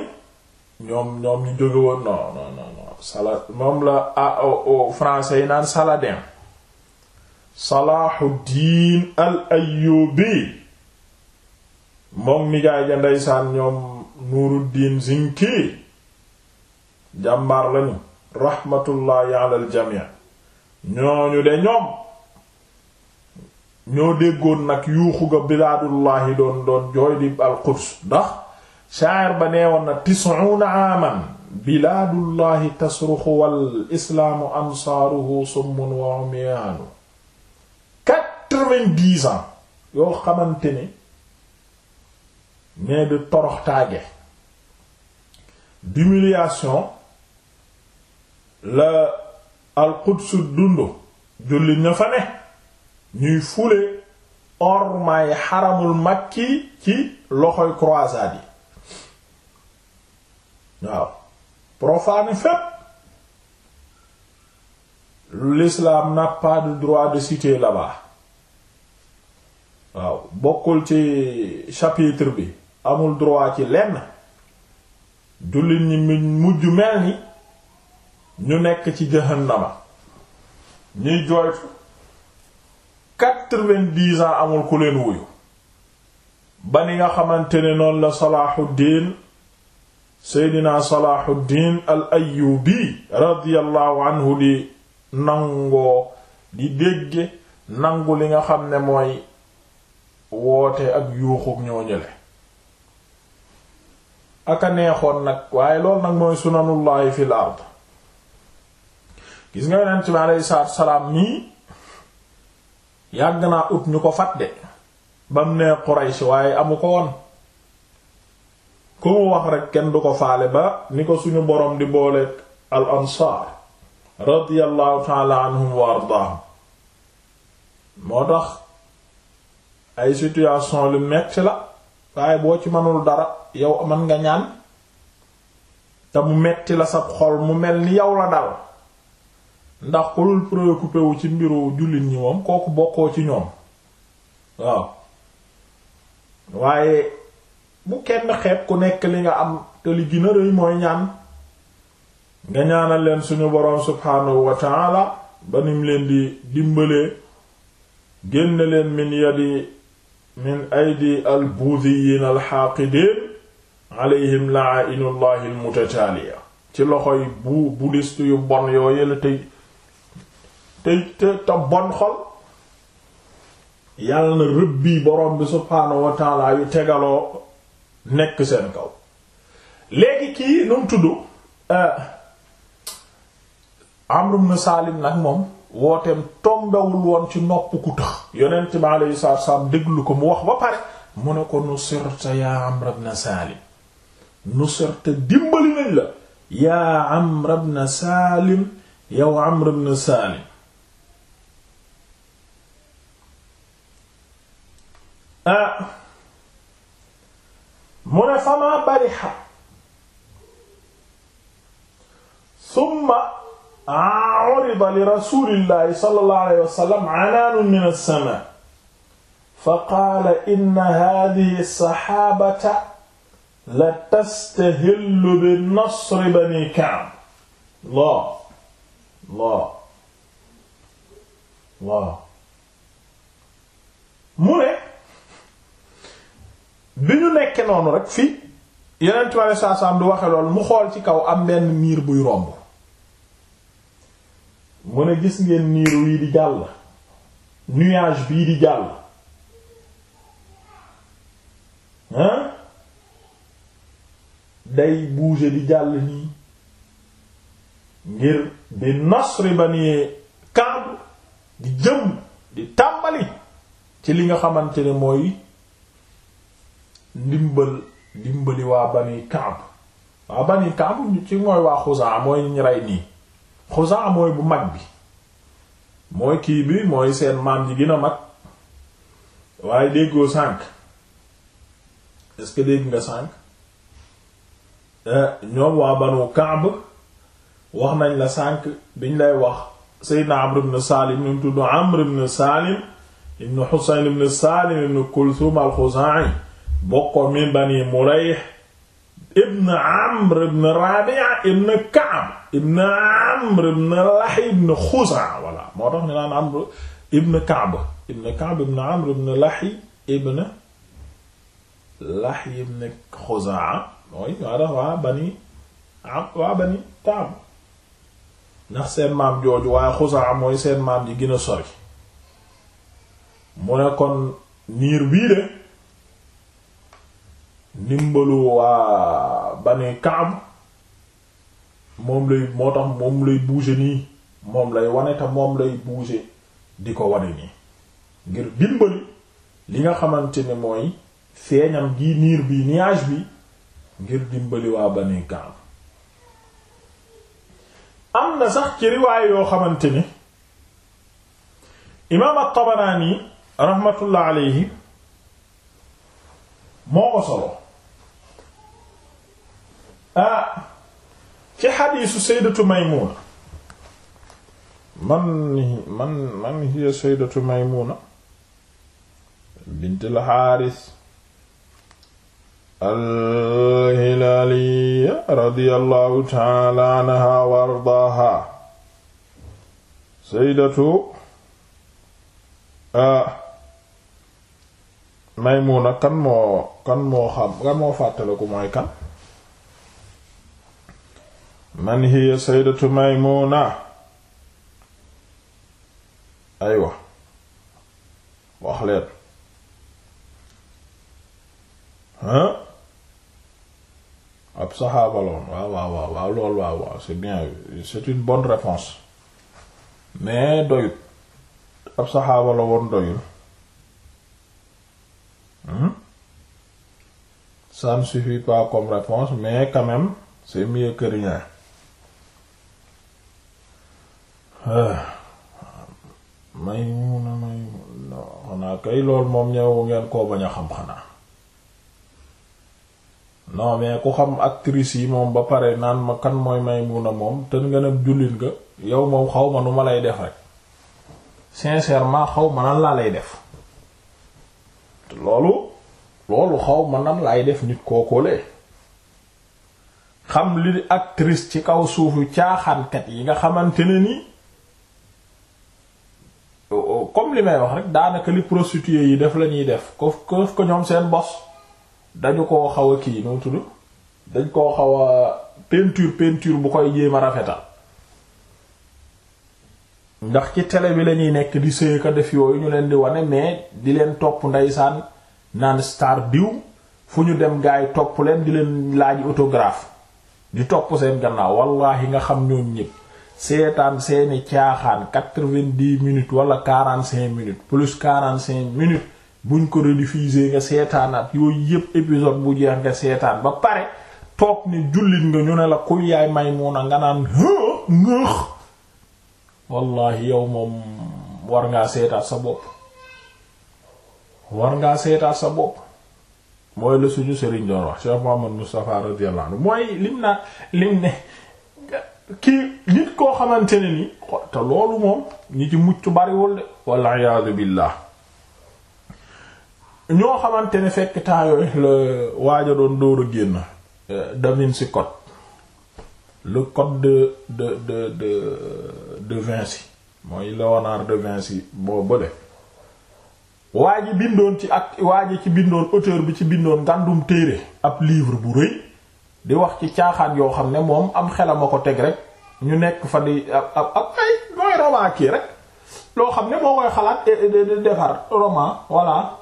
ñoom ñoom ñu jóge woon non non non moom la a ah, français yi naan Saladin Salahuddin al Ayyubi moom nijaay ja ndeysaan ñoom Nuruddin Zinki jàmbaar lañu rahmatullahi ala al jami' ñooñu de ñoom ñoo déggoon nag yuuxu ga bilaadullahi doon doon jooy di alquds ndax shaa'ir ba nee woon na tis'una aaman bilaadullahi tasruxu islaamu ansaaruhu summun wa umyaanu quatre-vingt-dix yoo xamante ni mais de toroxtaage d'humiliation la alquds dundu jullit ña fa ne ñuy fule ormaay xaramul ki ci loxoy croisade yi waaw profane fépp l'islam n'a de droit de cité là-bas waaw bokkul ci chapitre bi amul droit ci lenn jullit ñi mujj mel ni ñu nekk ci jahannama ñuy jooytu quatre vingt amul ku leen wuyu ba ni nga xamante ne noonu la Salahuddin Seydina Salahuddin al Ayyubi radiyallahu anhu di nangoo di dégge nangu li nga xam ne mooy woote ak yuuxuk ñoo ñële aka neexoon nag waaye loolu nag mooy sunanullahi fil ard gis nga yonent bi aleyhi salaam nii yàgg naa ut ñu ko fat de ba mu nee Quraysh waaye amu ko woon ku mu wax rek kenn du ko faale ba ni ko suñu boroom di boole al ansaar radiyallahu taala anhum wa moo tax ay situation lu metti la waaye boo ci mënul dara yow mën nga ñaan te mu metti la sa xol mu mel ni yow la dal ndax ku dul ci mbiru jullit ñi moom kooku bokkoo ci ñoom waaw waaye bu kenn xeeb ku nekk li nga am te li a mooy ñaan nga ñaanal leen suñu boroom subhaanahu wa ta'ala ba nim leen di dimbalee génn leen min yadi min aydi albuudiyiin alxaaqidiin alayhim la'aa'inullahi almutataaliya ci loxoy bu bouddhiste yu bon yoo yëla tey te te te bon xol yàlla na rëbbi borom bi subhaanahu wa yu tegaloo nekk seen kaw léegi kii nu mu tudd euh, Amr ibn nag moom wooteem tombewul woon ci nopp ku tëx yonent bi alayhi salaatu salaam déglu ko mu wax ba pare mu ne ko nusirta yaa Amr ibn Salim nusirta dimbali nañ la yaa Amr ibn Salim yow Amr ibn Salim ah mu ne famaa barixa summa urida li rasulillahi sallallahu alayhi wa sallam anaanun min as-samaa fa qaala inna haadihi saxaabata la tastahillu bi nasri bani Ka'b Allah Allah Allah mu ne bi ñu nekkee noonu rek fii yeneen ci wàllu saasaan du waxe lool mu xool ci kaw am benn niir buy romb mu ne gis ngeen niir wii di jàll nuage bii di jàll hein day bouger di jàll nii ngir bi nasri bani Kaab di jëm di tàmbali ci li nga xamante ne mooy ndimbal dimbali waa bani Kaab waa bani Kaab ci mooy waa Xuzaa mooy ñu rey nii Xuzaa mooy bu mag bi mooy kii bi mooy seen maam ji gën a mag waaye déggoo sànq est-ce que dégg nga sànq eh, ñoom waa banu Kaab wax nañ la sànq biñ lay wax Seydina Amr ibn Salim ñu tudd Amr ibn Salim ibn Husayn ibn Salim ibn Kulthum al-Khuzai bokkoon mi bani mulayh ibn amr ibn rabi'a ibn ka'b ibn amr ibn lahi ibn xuza walla moo tax ne naan amr ibn ka'b ibn ka'b ibn amr ibn lahi ibn lahi ibn xuza ndax seen maam jooju waaye xuza mooy seen maam ji gën a sori mu kon niir bii de ndimbalu waa Bani Kaab moom lay moo tax moom lay bouger nii moom lay wane moom lay bouger di ko wane nii ngir dimbali li nga xamante ne mooy feeñam gi niir bi nuage bi ngir dimbali waa Bani Kaab am na sax ci riwaay yoo xamante ni imaam at-Tabaraani rahmatullah alayhi moo ko solo Ah, ci xadiisu saydatu maymuna man man man hiya saydatu maymuna bint alxaaris alhilaaliya radiyallahu taala anha wa ardaaha saydatu ah, kan moo kan moo xam kan moo kan man hiya saydatu maymuna aywa wax leen ah ab saxaaba loon waaw waaw waaw waaw lool waaw waaw c'est bien c'est une bonne réponse mais doyut ab saxaaba doyul hmm? ça ne suffit pas comme réponse mais quand même c'est mieux que rien Ah. Maymuna Maymuna xanaa kay lool moom ñëw ngeen koo bañ a xam xanaa non mais ku xam actrice yi moom ba pare naan ma kan mooy Maymuna moom te nga nem jullit nga yow moom xaw ma nu ma lay def rek sincèrement xaw ma nan laa lay def loolu loolu xaw ma nan laay def nit kookoolee xam li actrice ci kaw suufu caaxaankat yi nga xamante ne nii comme li wax rek daanaka li prostituées yi def la ñuy def ko ko ñoom seen bos dañu ko xaw a kii noo tudd dañ koo xaw a peinture peinture bu koy jéem a rafetal ndax ci tele bi lañuy nekk di sëyka def yooyu ñu leen di wane mais di leen topp ndeysaan naan star diw fu ñu dem gaay topp leen di leen laaj autographe di topp seen gannaaw yi nga xam ñoom ñépp seetaan seeni caaxaan quatre-vingt-dix minutes wala quarante-cinq minutes plus quarante-cinq minutes buñ ko rediffuser nga seetaanaat yooyu yépp épisode bu jeex nga seetaan ba pare toog ne jullit nga ñu ne la kuy yaay Maymuna nga naan ngëx wallahi yow moom war ngaa seetaat sa bopp war ngaa seetaat sa bopp mooy la suñu sëriñ doon wax Cheikh Muhammad Mustafa radiyallahu anhu mooy lim naa lim ne kii nit koo xamante ne ni te loolu moom ñi ci mucc bariwul de walla iyaadu billaah ñoo xamante ne fekk temps yooyu la waaja doon dóor a génn Da Vinci Code le code de de de de de Vinci mooy Léonard de Vinci boo bële waa ji bindoon ci ak waa ji ci bindoon auteur bi ci bindoon ngàndum téere ab livre bu rëy di wax ci caaxaan yoo xam ne moom am xelam a ko teg ñu nekk fa di ab ab kii rek loo xam ne moo koy xalaat eh, eh, defar roman voilà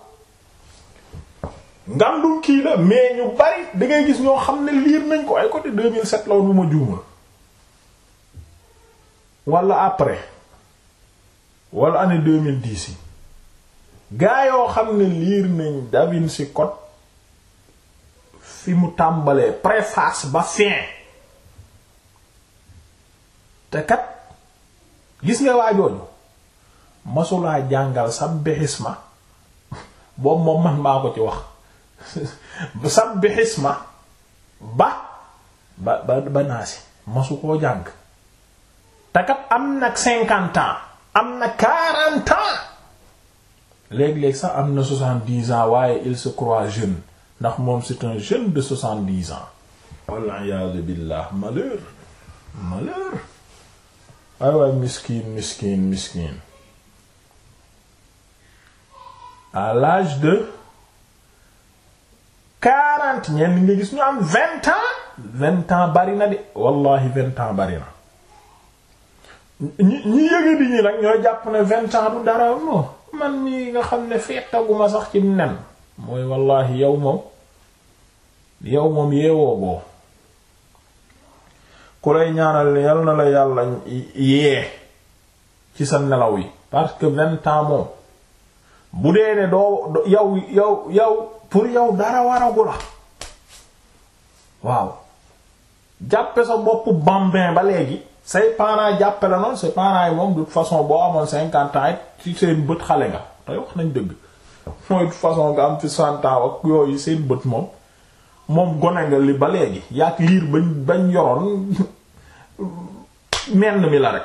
ngandum kii la mais ñu bari da ngay gis ñoo xam ne liir nañ ko ay côté 2007 la woon bu ma juumal wala après wala année 2010 yi gaa yoo xam ne liir nañ Da Vinci Code fi mu tàmbalee préface ba fin te kat gis nga waajooju masulaa jàngal sabbixisma boobu moom man maa ko ci wax <laughs> sabbixisma ma ba ba ba naasi masu koo jàng te kat am nag cinquante ans am na quarante ans léeg-léeg sax am na soixante-dix ans waaye il se croit ndax moom c'est un jeune de soixante-dix ans wal iyaadu billah malheur malheur waay waay miskin miskin miskin à l'âge de quarante ñenn nga gis ñu am vingt ans vingt ans bari na de wallahi vingt ans bari na ñi ñi yëga di ñi nag ñoo jàpp ne vingt ans du dara non man ñi nga xam ne feetaguma sax ci nen mooy wallahi yow moom yow moom yeewoo boo ku lay ñaanal yal na la yàlla yee ci sa nelaw yi parce que vingt ans moom bu dee ne doo yow yow yow pour yow dara waragu la waaw jàppe sa bopp bambin ba léegi say parents jàppe la noonu say parents yi moom de façon boo amoon cinquante ans ci seen bët xale nga tey wax nañ dëgg mooy de façon nga am fi soixante ak yooyu seen bët moom moom gone nga li ba léegi yàq liir bañ bañ yoroon menn mi la rek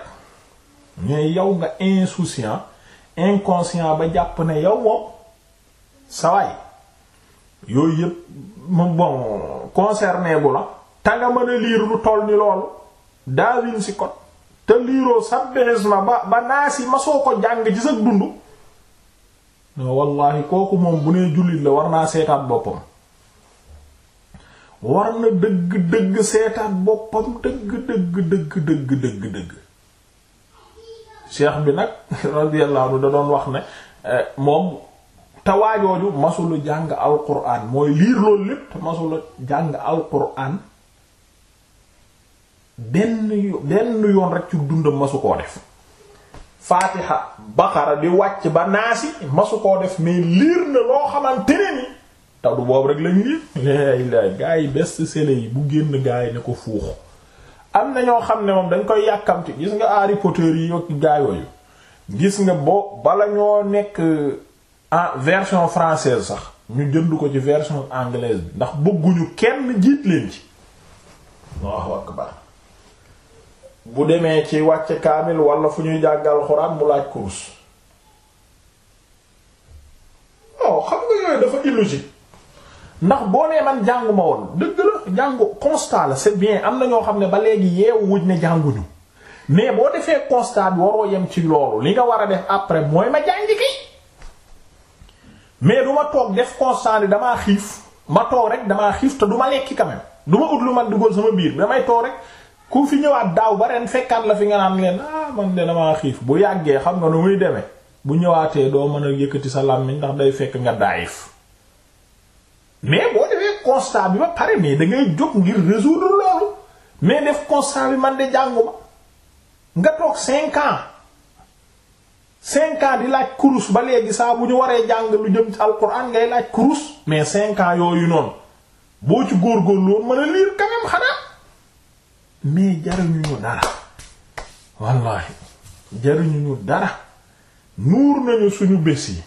mais yow nga insouciant inconscient ba jàpp ne yow moom sawaay yooyu yëpp moom bon concerné bu la te nga mën a liir lu toll ni loolu daawin si kot te liiroo sabbihisma ba ba naa si ma soo ko jàng ci sa dund non wallahi kooku moom bu nee jullit la war naa seetaat boppam war na dëgg dëgg seetaat boppam dëgg dëgg dëgg dëgg dëgg dëgg bi nag <laughs> radiyallahu anhu da doon wax ne eh, moom tawaajooju masula jàng alquran mooy liir loolu lépp te masula jàng alquran benn benn yoon rek ci dundam masu koo def faatiha baqara di wàcc ba naasi masu koo def mais liir na loo xamante ne ni taw boobu rek lañu yëpp lay lay gaa yi best seller yi bu génn gaa yi ne ko fuux am na ñoo xam ne moom dañ koy yàkkamti gis nga Harry Potter yi yokki gaa yooyu gis nga boo bala ñoo nekk en ah, version française sax ñu jënd ko ci version anglaise bi ndax bëgguñu kenn jiit leen ci Allahu akbar bu demee ci wàcce kaamil wala fu ñuy jàggal xuraan mu laaj course non oh, xam nga yooyu dafa illogique ndax boo man jàngu ma woon dëgg la jàngu constat la c'est bien am na ñoo xam ne ba léegi yeewu wuñ ne jànguñu mais boo defee constat bi waroo yem ci loolu li nga war a def après mooy ma jàngi ki mais du ma toog def constat ni damaa xiif ma toog rek damaa xiif te du ma lekki quand même du ma ut lu man dugal sama biir damay toog rek ku fi ñëwaat daaw ba ren fekkaat la fi nga naan leen ah man de damaa xiif bu yàggee xam nga nu muy demee bu ñëwaatee doo mën a yëkkati sa làmmiñ ndax day fekk nga daayif mais boo defee constat bi ba pare mais da ngay jóg ngir résoudre loolu mais def constat bi man de jànguma nga toog cinq ans di laaj kurus ba léegi saa bu ñu waree jàng lu jëm ci alquran ngay laaj kurus mais cinq yooyu noonu boo ci góor woon mën a lire quand même xanaa mais jaruñu dara wallahi jaruñu dara nuur nañu suñu bés yi.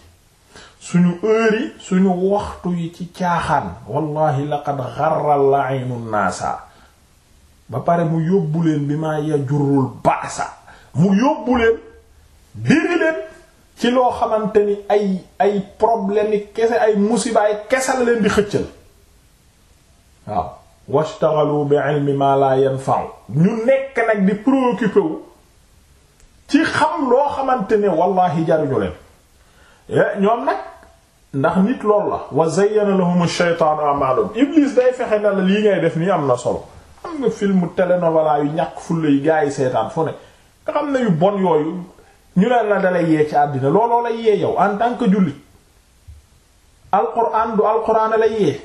suñu heure yi suñu waxtu yi ci caaxaan wallahi laqad gharra la'inu naasa ba pare mu yóbbu leen bi ma yajurul baasa mu yóbbu leen diri leen ci loo xamante ni ay ay problème yi kese ay musibaay kese la leen di xëccal waaw washtaghalu bi ilmi ma la yanfa'u ñu nekk nag di préoccupé wu ci xam loo xamante ne wallahi jaruñu leen eh, ñoom nag ndax nit lool la wa zayyana lahum ash-shaytaanu a'maalahum iblis day fexe na la lii ngay def nii am na solo am nga film télénovela yu ñàkk fulla yu gaa yi seetaan fu ne nga xam ne yu bon yooyu ñu leen la dalay yee ci àddina looloo lay yee yow en tant que jullit alquran du alquran lay yee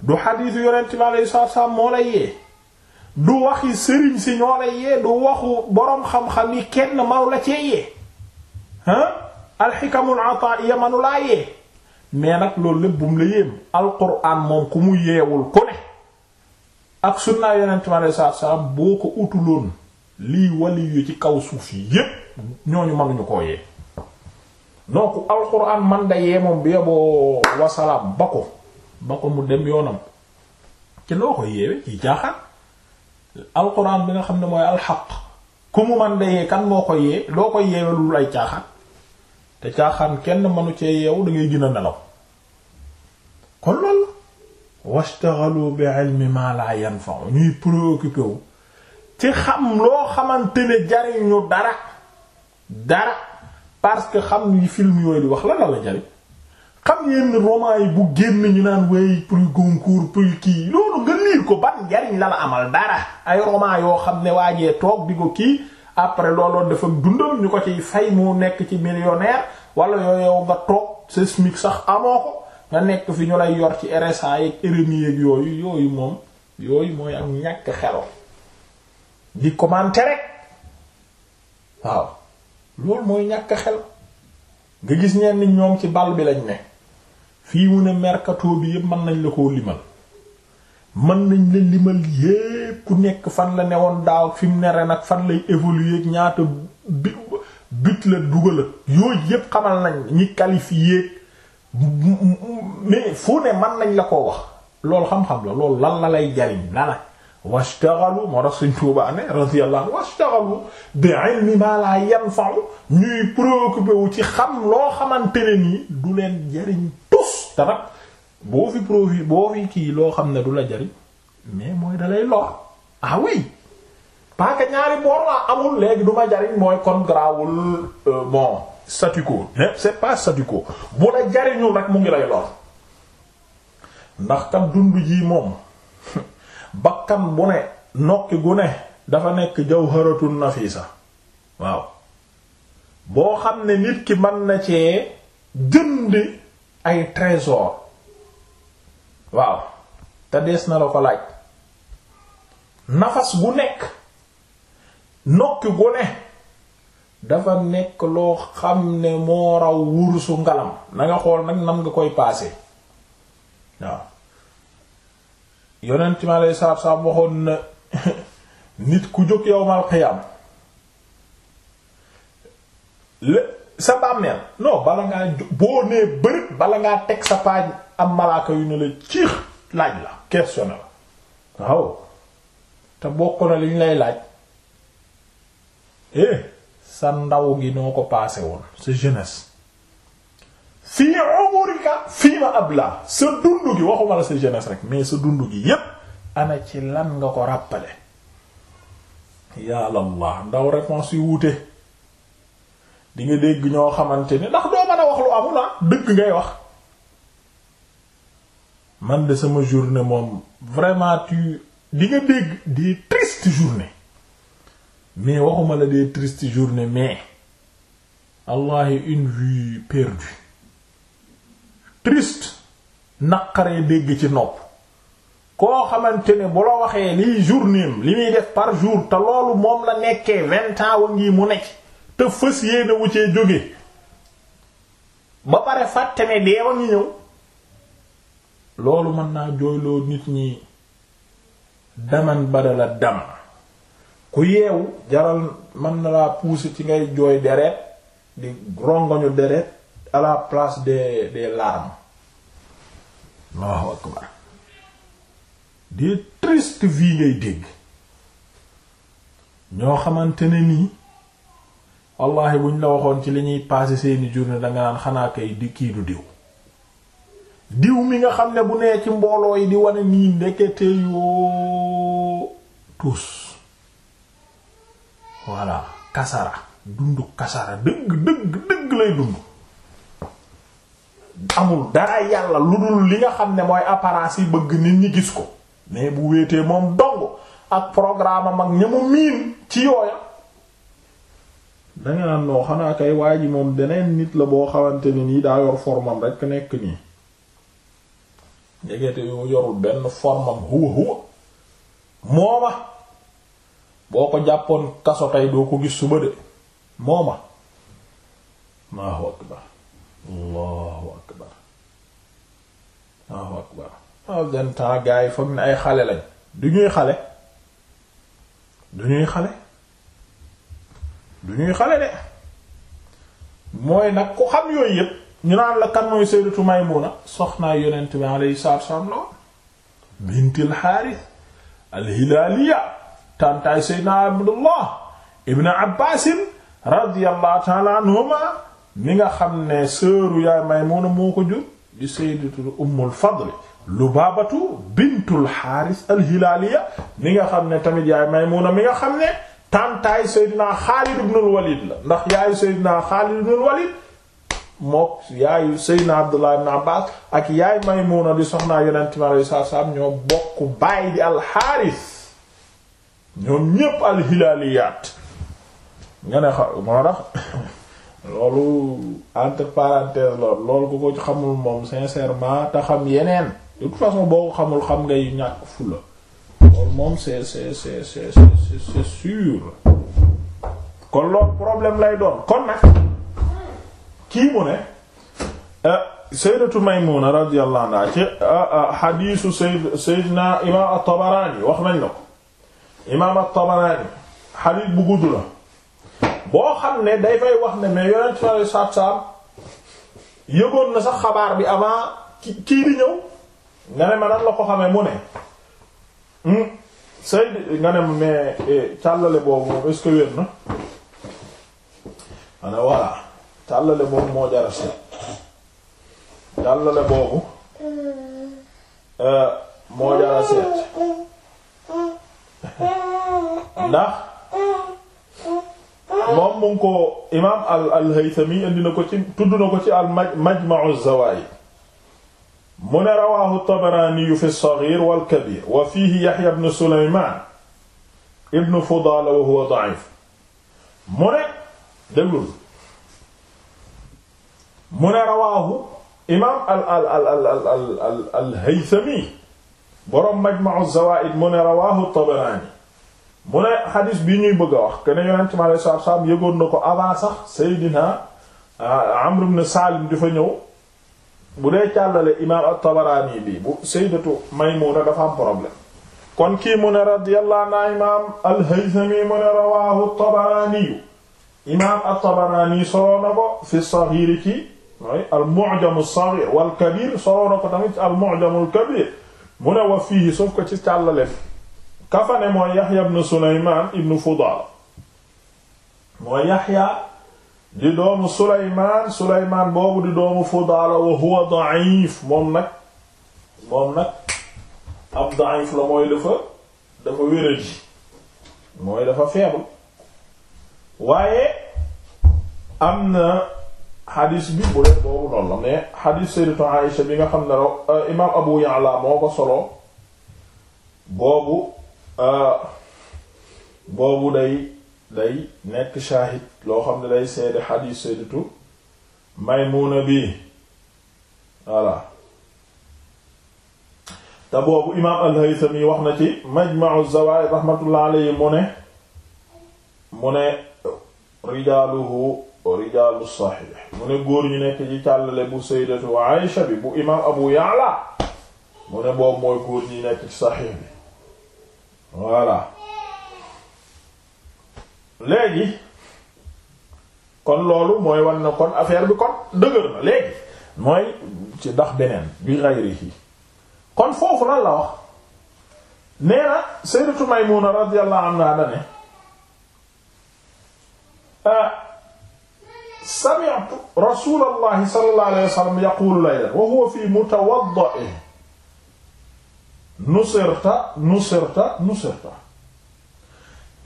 du xadiis yonent bi alayhi salaatu moo lay yee du waxi sëriñ si ñoo lay yee du waxu boroom xam-xam yi kenn maw la cee yee ah alxikamul ataaiya manu laa yee mais nag loolu lépp bu mu la yéem alquran moom ku mu yeewul ku ne ak sunnaa yeneen mi aleyhi salaatu salaam boo ko utuloon lii waliyu ci kaw suuf yi yépp ñooñu mënuñu koo yee donc alquran mu dem yoonam ci loo ko yeewe ci jaaxal bi nga xam ne moo ko yee loo ko yeewe lu ay caaxaan te ca caaxaan kenn mënu cee yeewu da ngay gën a nelaw kon loolu washtaxalu bi ilmi ma la yanfa'u ñuy préoccupé wu ci xam loo xamante ne jariñu dara dara parce que xam yi film yooyu di wax la la la jariñ xam yenn roman yi bu génn ñu naan way prix Goncourt prix kii loolu nga liir ko ban jariñ la la amal dara ay roman yoo xam ne waajee toog di ko kii après looloon dafa dundam ñu ko ciy fay mu nekk ci millionnaire wala yooyow nga toog sa SMIC sax amoo ko nga nekk fi ñu lay yor ci RSA yeeg RMI yeeg yooyu yooyu moom yooyu mooy ak ñàkk xelo di commenter rek waaw loolu mooy ñàkk xel nga gis ñenn ñoom ci bal bi lañ ne fii mu ne mercato bi yëpp mën nañ la koo limal mën nañ la limal yépp ku nekk fan la newoon daaw fi mu nere nag fan lay évoluer ak ñaata bi but la dugal yooyu yépp xamal nañ ñi qualifié mais fu ne mën nañ la ko wax loolu xam-xam la loolu lan la lay jariñ la la washtaghalu moo tax suñ tuubaa ne radiyallahu anhu washtaghalu bi ilmi ma la ñuy préoccupé ci xam loo xamante ne nii du leen jariñ tus te boo fi profit boo fi kii loo xam ne du la jariñ mais mooy dalay lor ah oui parce que ñaari boor la amul léegi du ma jariñ mooy kon garaawul euh, bon statu quo c'est pas statu bu la jariñul rek mu ngi lay lor ndax kat dund ji moom <laughs> bakkan bu ne nokki gu ne dafa nekk jawharatun sax waaw boo xam ne nit ki mën na cee jënd ay trésor waaw te dees na la ko laaj nafas gu nekk nokki gu ne dafa nekk loo xam ne moo raw wurusu ngalam na nga xool nag nam nga koy paase waaw yonent mi aleyhi salaatu salaam waxoon na <laughs> nit ku jóg yawmal qiyaam lépp sa bàmmeel non bala ngaa boo nee bërit bala ngaa teg sa paaj am malaaka yu ne la ciix laaj la question waaw te bokk na liñ lay laaj eh sa ndaw gi noo ko paase woon sa jeunesse fii umurika fii ma abla sa dund gi waxuma la sa jeunesse rek mais sa dund gi yépp ana ci lan nga ko ràppale yàlla allah ndaw réponse yu wuute di nga dégg ñoo xamante ne ndax doo mën a wax lu amul ah, dëgg ngay wax man de sama journée moom vraiment tu di nga dégg des tristes journées mais waxuma la des tristes journée mais wallahi une vie perdue triste naqaree dégg ci nopp koo xamante ne bu la waxee liy journée li ñuy def par jour te loolu moom la nekkee vingt ans wa ngi mu nekk te fës yéene wu cee jóge ba pare fàtte ne deewa ngi ñëw loolu mën naa jooyloo nit ñi daman badala dam ku yeewu jaral mën na laa pousser ci ngay jooy deret di rongoñu deret à la place des des larmes Allahu akbar des tristes vies ngay dégg ñoo xamante ne nii wallahi ñu la waxoon ci li ñuy passé seeni journée danga naan xanaa kay di kii du diw diw mi nga xam ne bu nee ci mbooloo yi di wane nii ndekete yoo tous voilà kasara dund kasara dëgg dëgg dëgg lay dund amul dara yàlla lu dul li nga xam ne mooy apparence yi bëgg nit ñi gis ko mais bu wéetee moom dong ak programme am ak ñamu miin ci yooya danga naan noo xanaa kay waa ji moom beneen nit la boo xamante ni nii daa yor formam rekk nekk nii njegete yu yorul benn formam huwa huwa mooma boo ko jàppoon kaso tey doo ko gis suba de mooma Allahu akbar Allahu akbar Allahu akbar waaw den temps gars yi foog ne ay xale lañ du xale du xale du ñuy xale de mooy nag ku xam yooyu yëpp ñu naan la kan mooy sayyidatu Maymuna soxnaa yonent bi alayhi salaatu wassalaam la bintil Haaris al-Hilaaliya tantaay sayyidina nga xam ne sëru yaay Maymuna moo ko jur di sayyidatu Ummul Fadl Lubaabatu bintul Haaris al-Hilaaliya mi nga xam ne tamit yaay Maymuna mi nga xam ne tantaay Seydina Xaalid ibnul Walid la ndax yaayu Seydina Xaalid ibnul Walid mook yaayu Seydina Abdullah ibn Abbas ak yaay Maymuna di soxnaa Yonent mi alayhi salaatu salaam ñoo bokk baay di alxaaris ñoom ñépp alhilaaliyaat nga ne xa- moo tax <coughs> loolu entre parenthèses loolu loolu ku ko xamul moom sincèrement te xam yeneen de façon boo ko xamul xam ngay ñàkk fulla loolu moom c'est c'est c'est c'est kon loolu problème lay doon kon nag kii mu ne euh, sayyidatu Maymuna radiyallahu anha ci xadiisu euh, euh, sayyid sayyidina imaam at-Tabarani wax nañ la ko imaam at-Tabarani xadiis bu gudd la boo xam ne day fay wax ne mais yonent fa saab saab yëgoon na sax xabaar bi avant kii di ñëw nga ne ma nan la ko xamee mu ne Hmm? Sayyid nga ne ma mais càllale eh, boobu moom est-ce que wér na ma ne voilà càllale boobu moo jara si càllale boobu eh, moo jara seet ndax moom mu ngi ko imaam al al Haythami indi na ko ci tudd na ko ci al maj majma'u zawaid mu ne rawaahu Tabaraaniyu fi as-Saxiir wal Kabiir wa fiihi Yaxya ibn Suleymaan ibn Fudaala wa huwa da'iif mu ne déglul mu ne rawaahu imaam al al al al al al Haythami boroom Majma'u az-Zawaa'id mu ne rawaahu Tabaraani mu ne xadis bi ñuy bëgg a wax que ne Yonent mi alayhi salaatu wa salaam yëgoon na ko avant sax Seydina ah, Amr ibn Saalim di fa ñëw. bu dee càllale imaam at-Tabaraani bi bu sayyidatu Maymuna dafa am problème kon kii mu ne radiyallahu anha al-Haythami mu ne rawaahu at-Tabaraani imaam at-Tabaraani soloo fi as-Saghir ci mooy al Kabir soloo ko tamit ci al-Mu'jam al-Kabir mu ne wa fiihi sauf ko ci càllale kafane mooy Yahya ibn Sulaymaan ibn Fudaala mooy Yahya di doomu Suleymaan Suleymaan boobu di doomu Fudaala wa huwa da'if moom nag moom nag ab da'if la mooy dafa dafa wéraji mooy dafa faible waaye am na xadiis bi bu dee boobu noonu la mais xadiis sayyidatu Aïsha bi nga xam ne rek euh, imaam Abu Ya'la moo ko solo boobu euh, boobu day day nekk shaahid loo xam ne day seede xadiis sayyidatu Maymuna bi voilà te boobu imaam al wax na ci Majma'u az-Zawaa'id rahmatullah alayhi mu ne mu ne rijaaluhu rijaalu saxiix mu ne góor ñu nekk ci càllale bu sayyidatu Aïsha bi bu imaam Abu Ya'la mu ne boobu mooy góor ñi nekk ci saxiix bi voilà léegi kon loolu mooy wan na kon affaire bi kon dëgër na léegi mooy ci ndax beneen bi ghayrihi kon foofu lan la wax nee na sayyidatu Maymuna radiyallahu anha dane ah, sami'tu rasulallahi sallallahu alayhi wa sallam yaqulu layla wa huwa fi mutawaddi'ihi nusirta nusirta nusirta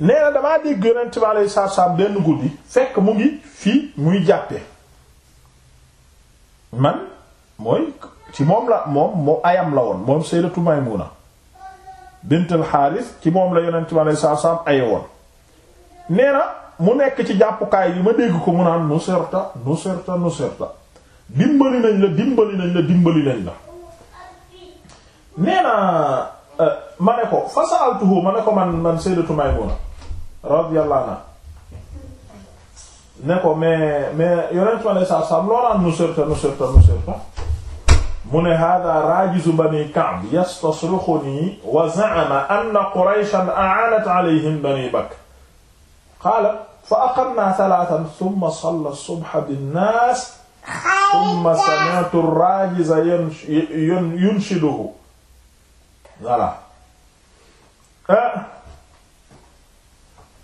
nee na damaa dégg yonent bi alayhi salaatu salaam benn guddi fekk mu ngi fii muy jàppe man mooy ci moom la moom moo ayam la woon moom sayyidatu Maymuna bint al-Harith ci moom la yonent bi alayhi salaatu salaam aye woon nee na mu nekk ci jàppukaay gi ma dégg ko mu naan nusirta nusirta nusirta dimbali nañ la dimbali nañ la dimbali nañ la nee eh, ma ne ko fasaltuhu ma ne ko man man sayyidatu Maymuna radiyallahu anhu ne ko mais mais yonent ma ne saa saam loonaan nusirta nusirta nusirta mu ne hada rajizu bani Ka'b yastasrixuni wa za'ama anna Qurayshan a'anat alayhim bani Bakr qaala fa aqamna thalathan thumma salla as-subha bin-nas thumma sami'tu ar-rajiza yunshiduhu voilà euh,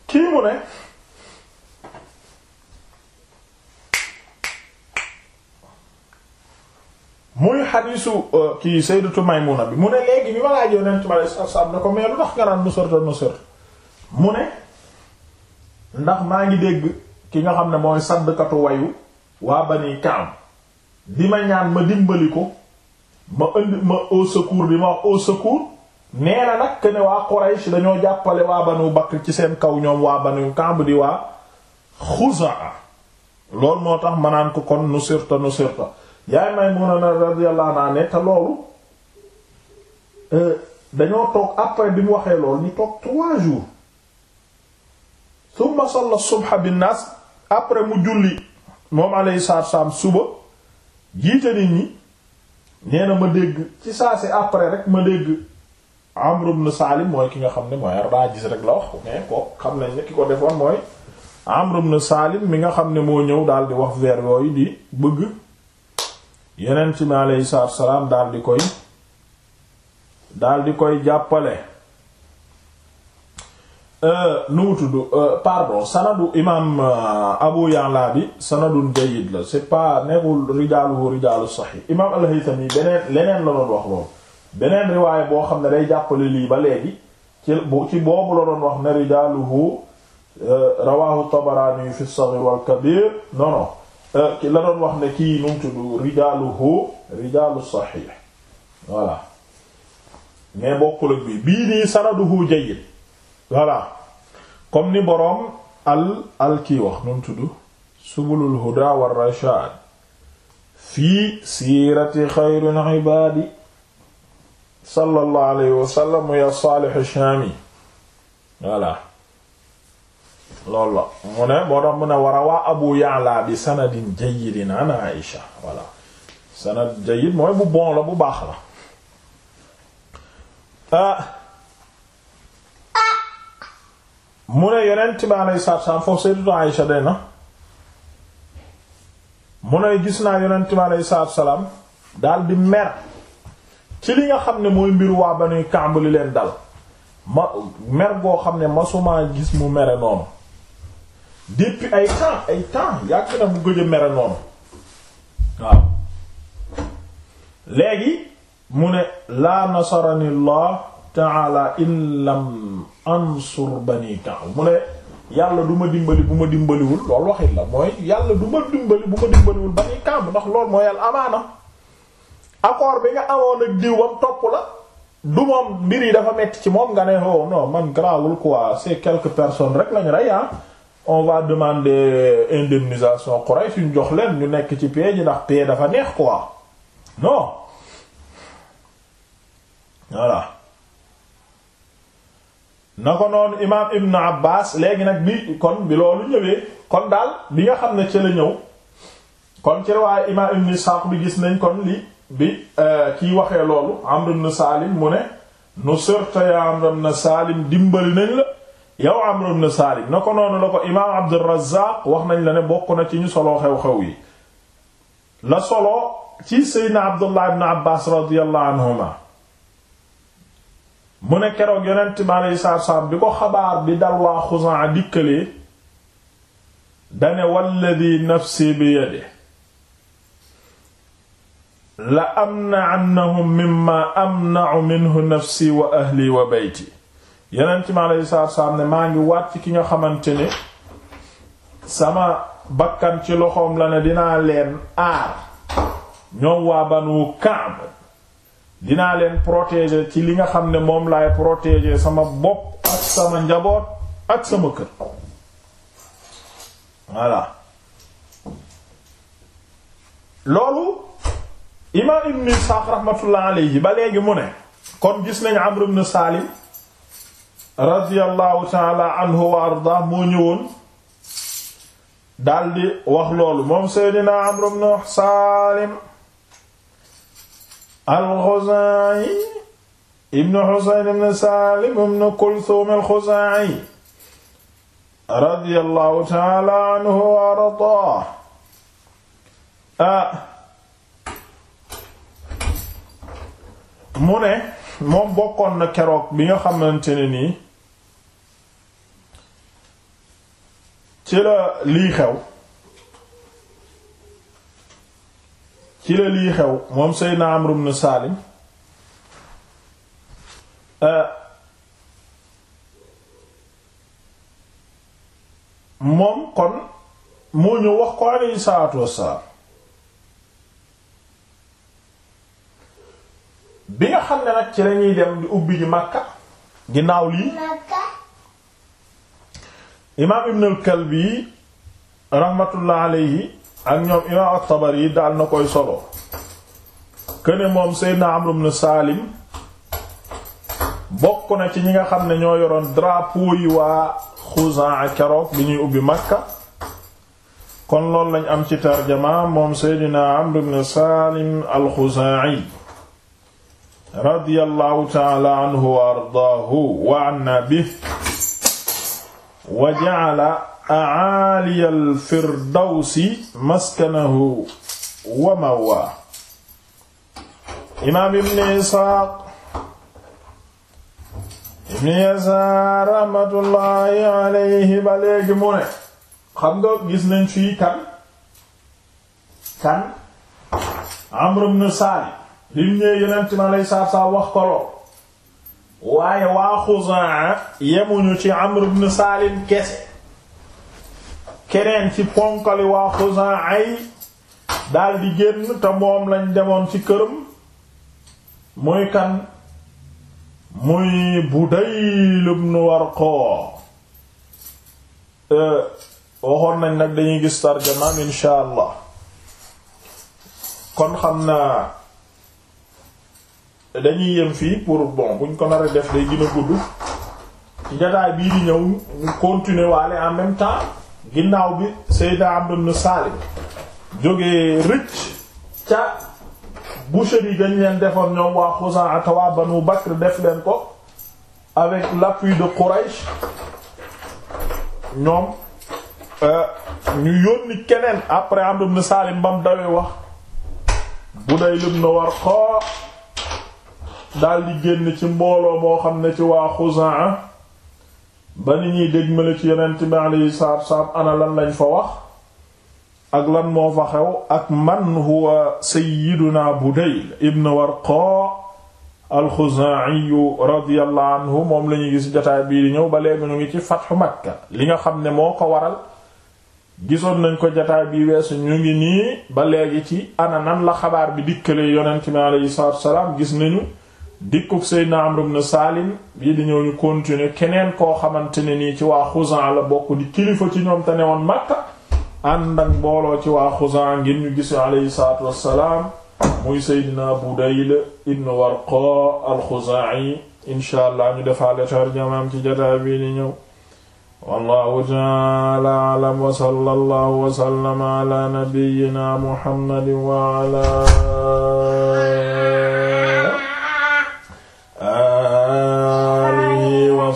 kii mu ne muy xadiisu uh, kii sayyidatu Maymuna bi mu ne léegi bi ma laaj yonent bi alayhi salaam ne ko mais lu tax nga naan nusrata nusr mu ne ndax maa ngi dégg ki nga xam ne mooy saddkatu wayu waa Bani Kaam di ma ñaan ma dimbali ko ma indi ma au secours bi ma wax au nee na nag que ne waa Quraysh dañoo jàppale waa Banu Bakr ci seen kaw ñoom waa Banu Kamb di waa Xuzaa loolu moo tax ma naan ko kon nusirta nusirta yaay Maymuna radiyallahu anha te loolu euh, dañoo toog après bi mu waxee loolu ñu toog trois jours thumma salla subha bin nas après mu julli moom alayhi salaatu suba jiite nit ñi nee na ma dégg ci saa si après rek ma dégg. Amr ibn Salim mooy ki nga xam ne mooy raajis rek la wax mais ko xam nañ ne ki ko defoon mooy Amr ibn Salim mi nga xam ne moo ñëw daal di wax vers yooyu di bëgg Yonent mi aleyhi salaatu salaam daal di koy dal di koy jàppale. Euh, nu mu tudd euh, pardon sanadu imaam euh, Abu Ya'la bi sanadun jayyid la c'est pas nekkul rijaaluhu rijaalu sahih imaam al-Haythami beneen leneen la doon wax loolu. beneen riwaaya boo xam ne day jàppale lii ba léegi boobu la doon wax ne rijaaluhu euh, rawahu tabaraani fi as-saghir wal kabir non euh, la doon wax ne kii nu mu tudd rijaaluhu rijaalu saxiix voilà mais bokkul ak bii bii nii sanaduhu jayyid voilà comme ni boroom al al kii wax nu mu tudd huda war rashaad fii siirati xayril ibaadi sallallahu alayhi wa sallam ya Saalih Shaami voilà loolu la mu ne moo tax mu ne war a waa Abu Ya'la bi sanadin jayyidin an Aisha voilà sanad jayyid mooy bu bon la bu baax la ah mu ne yonent bi alayhi salaatu salaam foofu sayyidatu Aisha day na mu ne gis naa yonent bi alayhi salaam daal di mer. ci li nga xam ne mooy mbir waa Banu Ka'b li leen dal ma mer goo xam ne masumaa gis mu mere noonu depuis ay temps ay temps yàgg na mu gëj a mere noonu waaw léegi mu ne laa nasarani Allah ta'ala in lam ansur Banu Ka'b mu ne yàlla du ma dimbali bu ma dimbaliwul loolu waxit la mooy yàlla du ma dimbali bu ma dimbaliwul Banu Ka'b ndax loolu mooy al amaana accord bi nga amoon ak diw bam topp la du moom mbir yi dafa metti ci moom nga ne oh non man grawul quoi c'est quelques rek lañ rey ah on va demander indemnisation Quraysh jox leen ñu nekk ci paix yi ndax paix dafa neex quoi non voilà na ko noonu imaam Ibn Abbas léegi nag bi kon bi loolu ñëwee kon daal bi nga xam ne ci ñëw kon ci waaye imaam Ibn Sa'd bi gis nañ kon lii bi euh, kiy waxee loolu Amr ibn Salim mu ne nusirta ya Amr ibn Salim dimbali nañ la yow Amr ibn Salim na ko noonu la ko imaam Abdur Razzaq wax nañ la ne bokk na ci ñu soloo xew-xew yi la soloo ci Seydina Abdullah ibn Abbas radiyallahu anhuma mu ne keroog yonent bi alayhi bi ko xabaar bi dal waa Xuzaa dikkalee dane walladi nafsi bi yadihi la amna'annahum mimma amna'u minhu nafsi wa ahli wa bayti yeneen ci ma lay ne maa ngi waat ki nga xamante ne sama bakkan ci loxoom la ne dinaa leen aar ñoom waa Banu Ka'b dinaa leen protéger ci li nga xam ne moom laay protéger sama bopp ak sama njaboot ak sama kër voilà loolu imaam ibn Isxaaq rahmatullah alayhi ba léegi mu ne kon gis nañ Amr ibn Saalim radiyallahu taala anhu wa arda moo ñëwoon daldi wax loolu moom Seydina Amr ibn Saalim al-Xuzaa'i ibn Xusayn ibn Saalim ibn Kulsuum al-Xuzaa'i radiyallahu taala anhu wa arda ah, mu ne moom bokkoon na keroog bi nga xamante ne nii ci la lii xew ci la lii xew moom Seydina Amr ibn Salim eh, moom kon moo ñu wax ko alayhi salaatu wassalaam bi nga xam ne nag ci lañuy dem di ubbi ji Makka ginnaaw lii imaam Ibn al yi rahmatullah alayhi ak ñoom imaam at-Tabari daal na koy solo këne moom Seydina Amr ibn Salim bokk na ci ñi nga xam ne ñoo yoroon drapeau yi waa Xuzaa keroog bi ñuy ubbi Makka kon loolu lañ am ci tarjama moom Seydina Amr ibn Salim al-Xuzaa'i radiyallahu taala anhu wa ardaahu wa anna bihi wa ja'ala a'aaliya al-firdawsi maskanahu wa mawaa imaam ibn Isxaaq ibn Yasaar rahmatullahi alayhi ba léegi mu ne xam nga gis nañ fii kan kan Amr ibn Saalim lim ñëwee yonent mi alayhi salaatu salaam wax ko lool waaye waa Xuzaa yemuñu ci Amr ibn Salim kese keneen ci ponkali waa Xuzaa ay daal génn te moom lañ demoon ci këram muy kan muy Budayl ibn Warqa euh, waxoon nañ nag dañuy gis tarjamaam insha allah kon xam na dañuy yem fii pour bon buñ ko nar def day gën gudd ci bii di ñëw ñu continuer waale en même temps ginnaaw bi Seydina Abd ibn Salim jógee rëcc ca boucherie dañ leen defoon ñoom waa Xuzaa ak waa Banu Bakr def leen ko avec l'appui de Quraysh ñoom euh, ñu yónni keneen après Amr ibn Salim ba mu dawee wax Budayl ibn Warqa daldi génn ci mbooloo moo xam ne ci waa Xuzaa ba ni ñuy dégmale ci yonent bi alayhi salaatu lan lañ fa wax ak lan moo fa xew ak man huwa sayyiduna Budayl ibn Warqa al-Xuzaa'i radiyallahu anhu moom lañuy gis jotaay bii di ñëw ba léegi ñu ngi ci Fathu Makka li nga xam ne moo ko waral gisoon nañ ko jataay bi weesu ñu ngi nii ba léegi ci ana nan la xabaar bi dikkale yonent mi alayhi salaatu wa salaam gis nañu dikkub Seydina Amr ibn Salim bii di ñëw ñu continuer keneen koo xamante ne nii ci waa Xuzan la bokk di kilifa ci ñoom te ne woon Makka ànd ak mbooloo ci waa Xuzan ngir ñu gis alayhi salaatu wassalaam muy Seydina Budayl ibn Warqa al-Xuzaa'i incha allah ñu defaale tarjamaam ci jotaay bii di ñëw wallahu ta'ala a'lam wa sallallahu wa sallama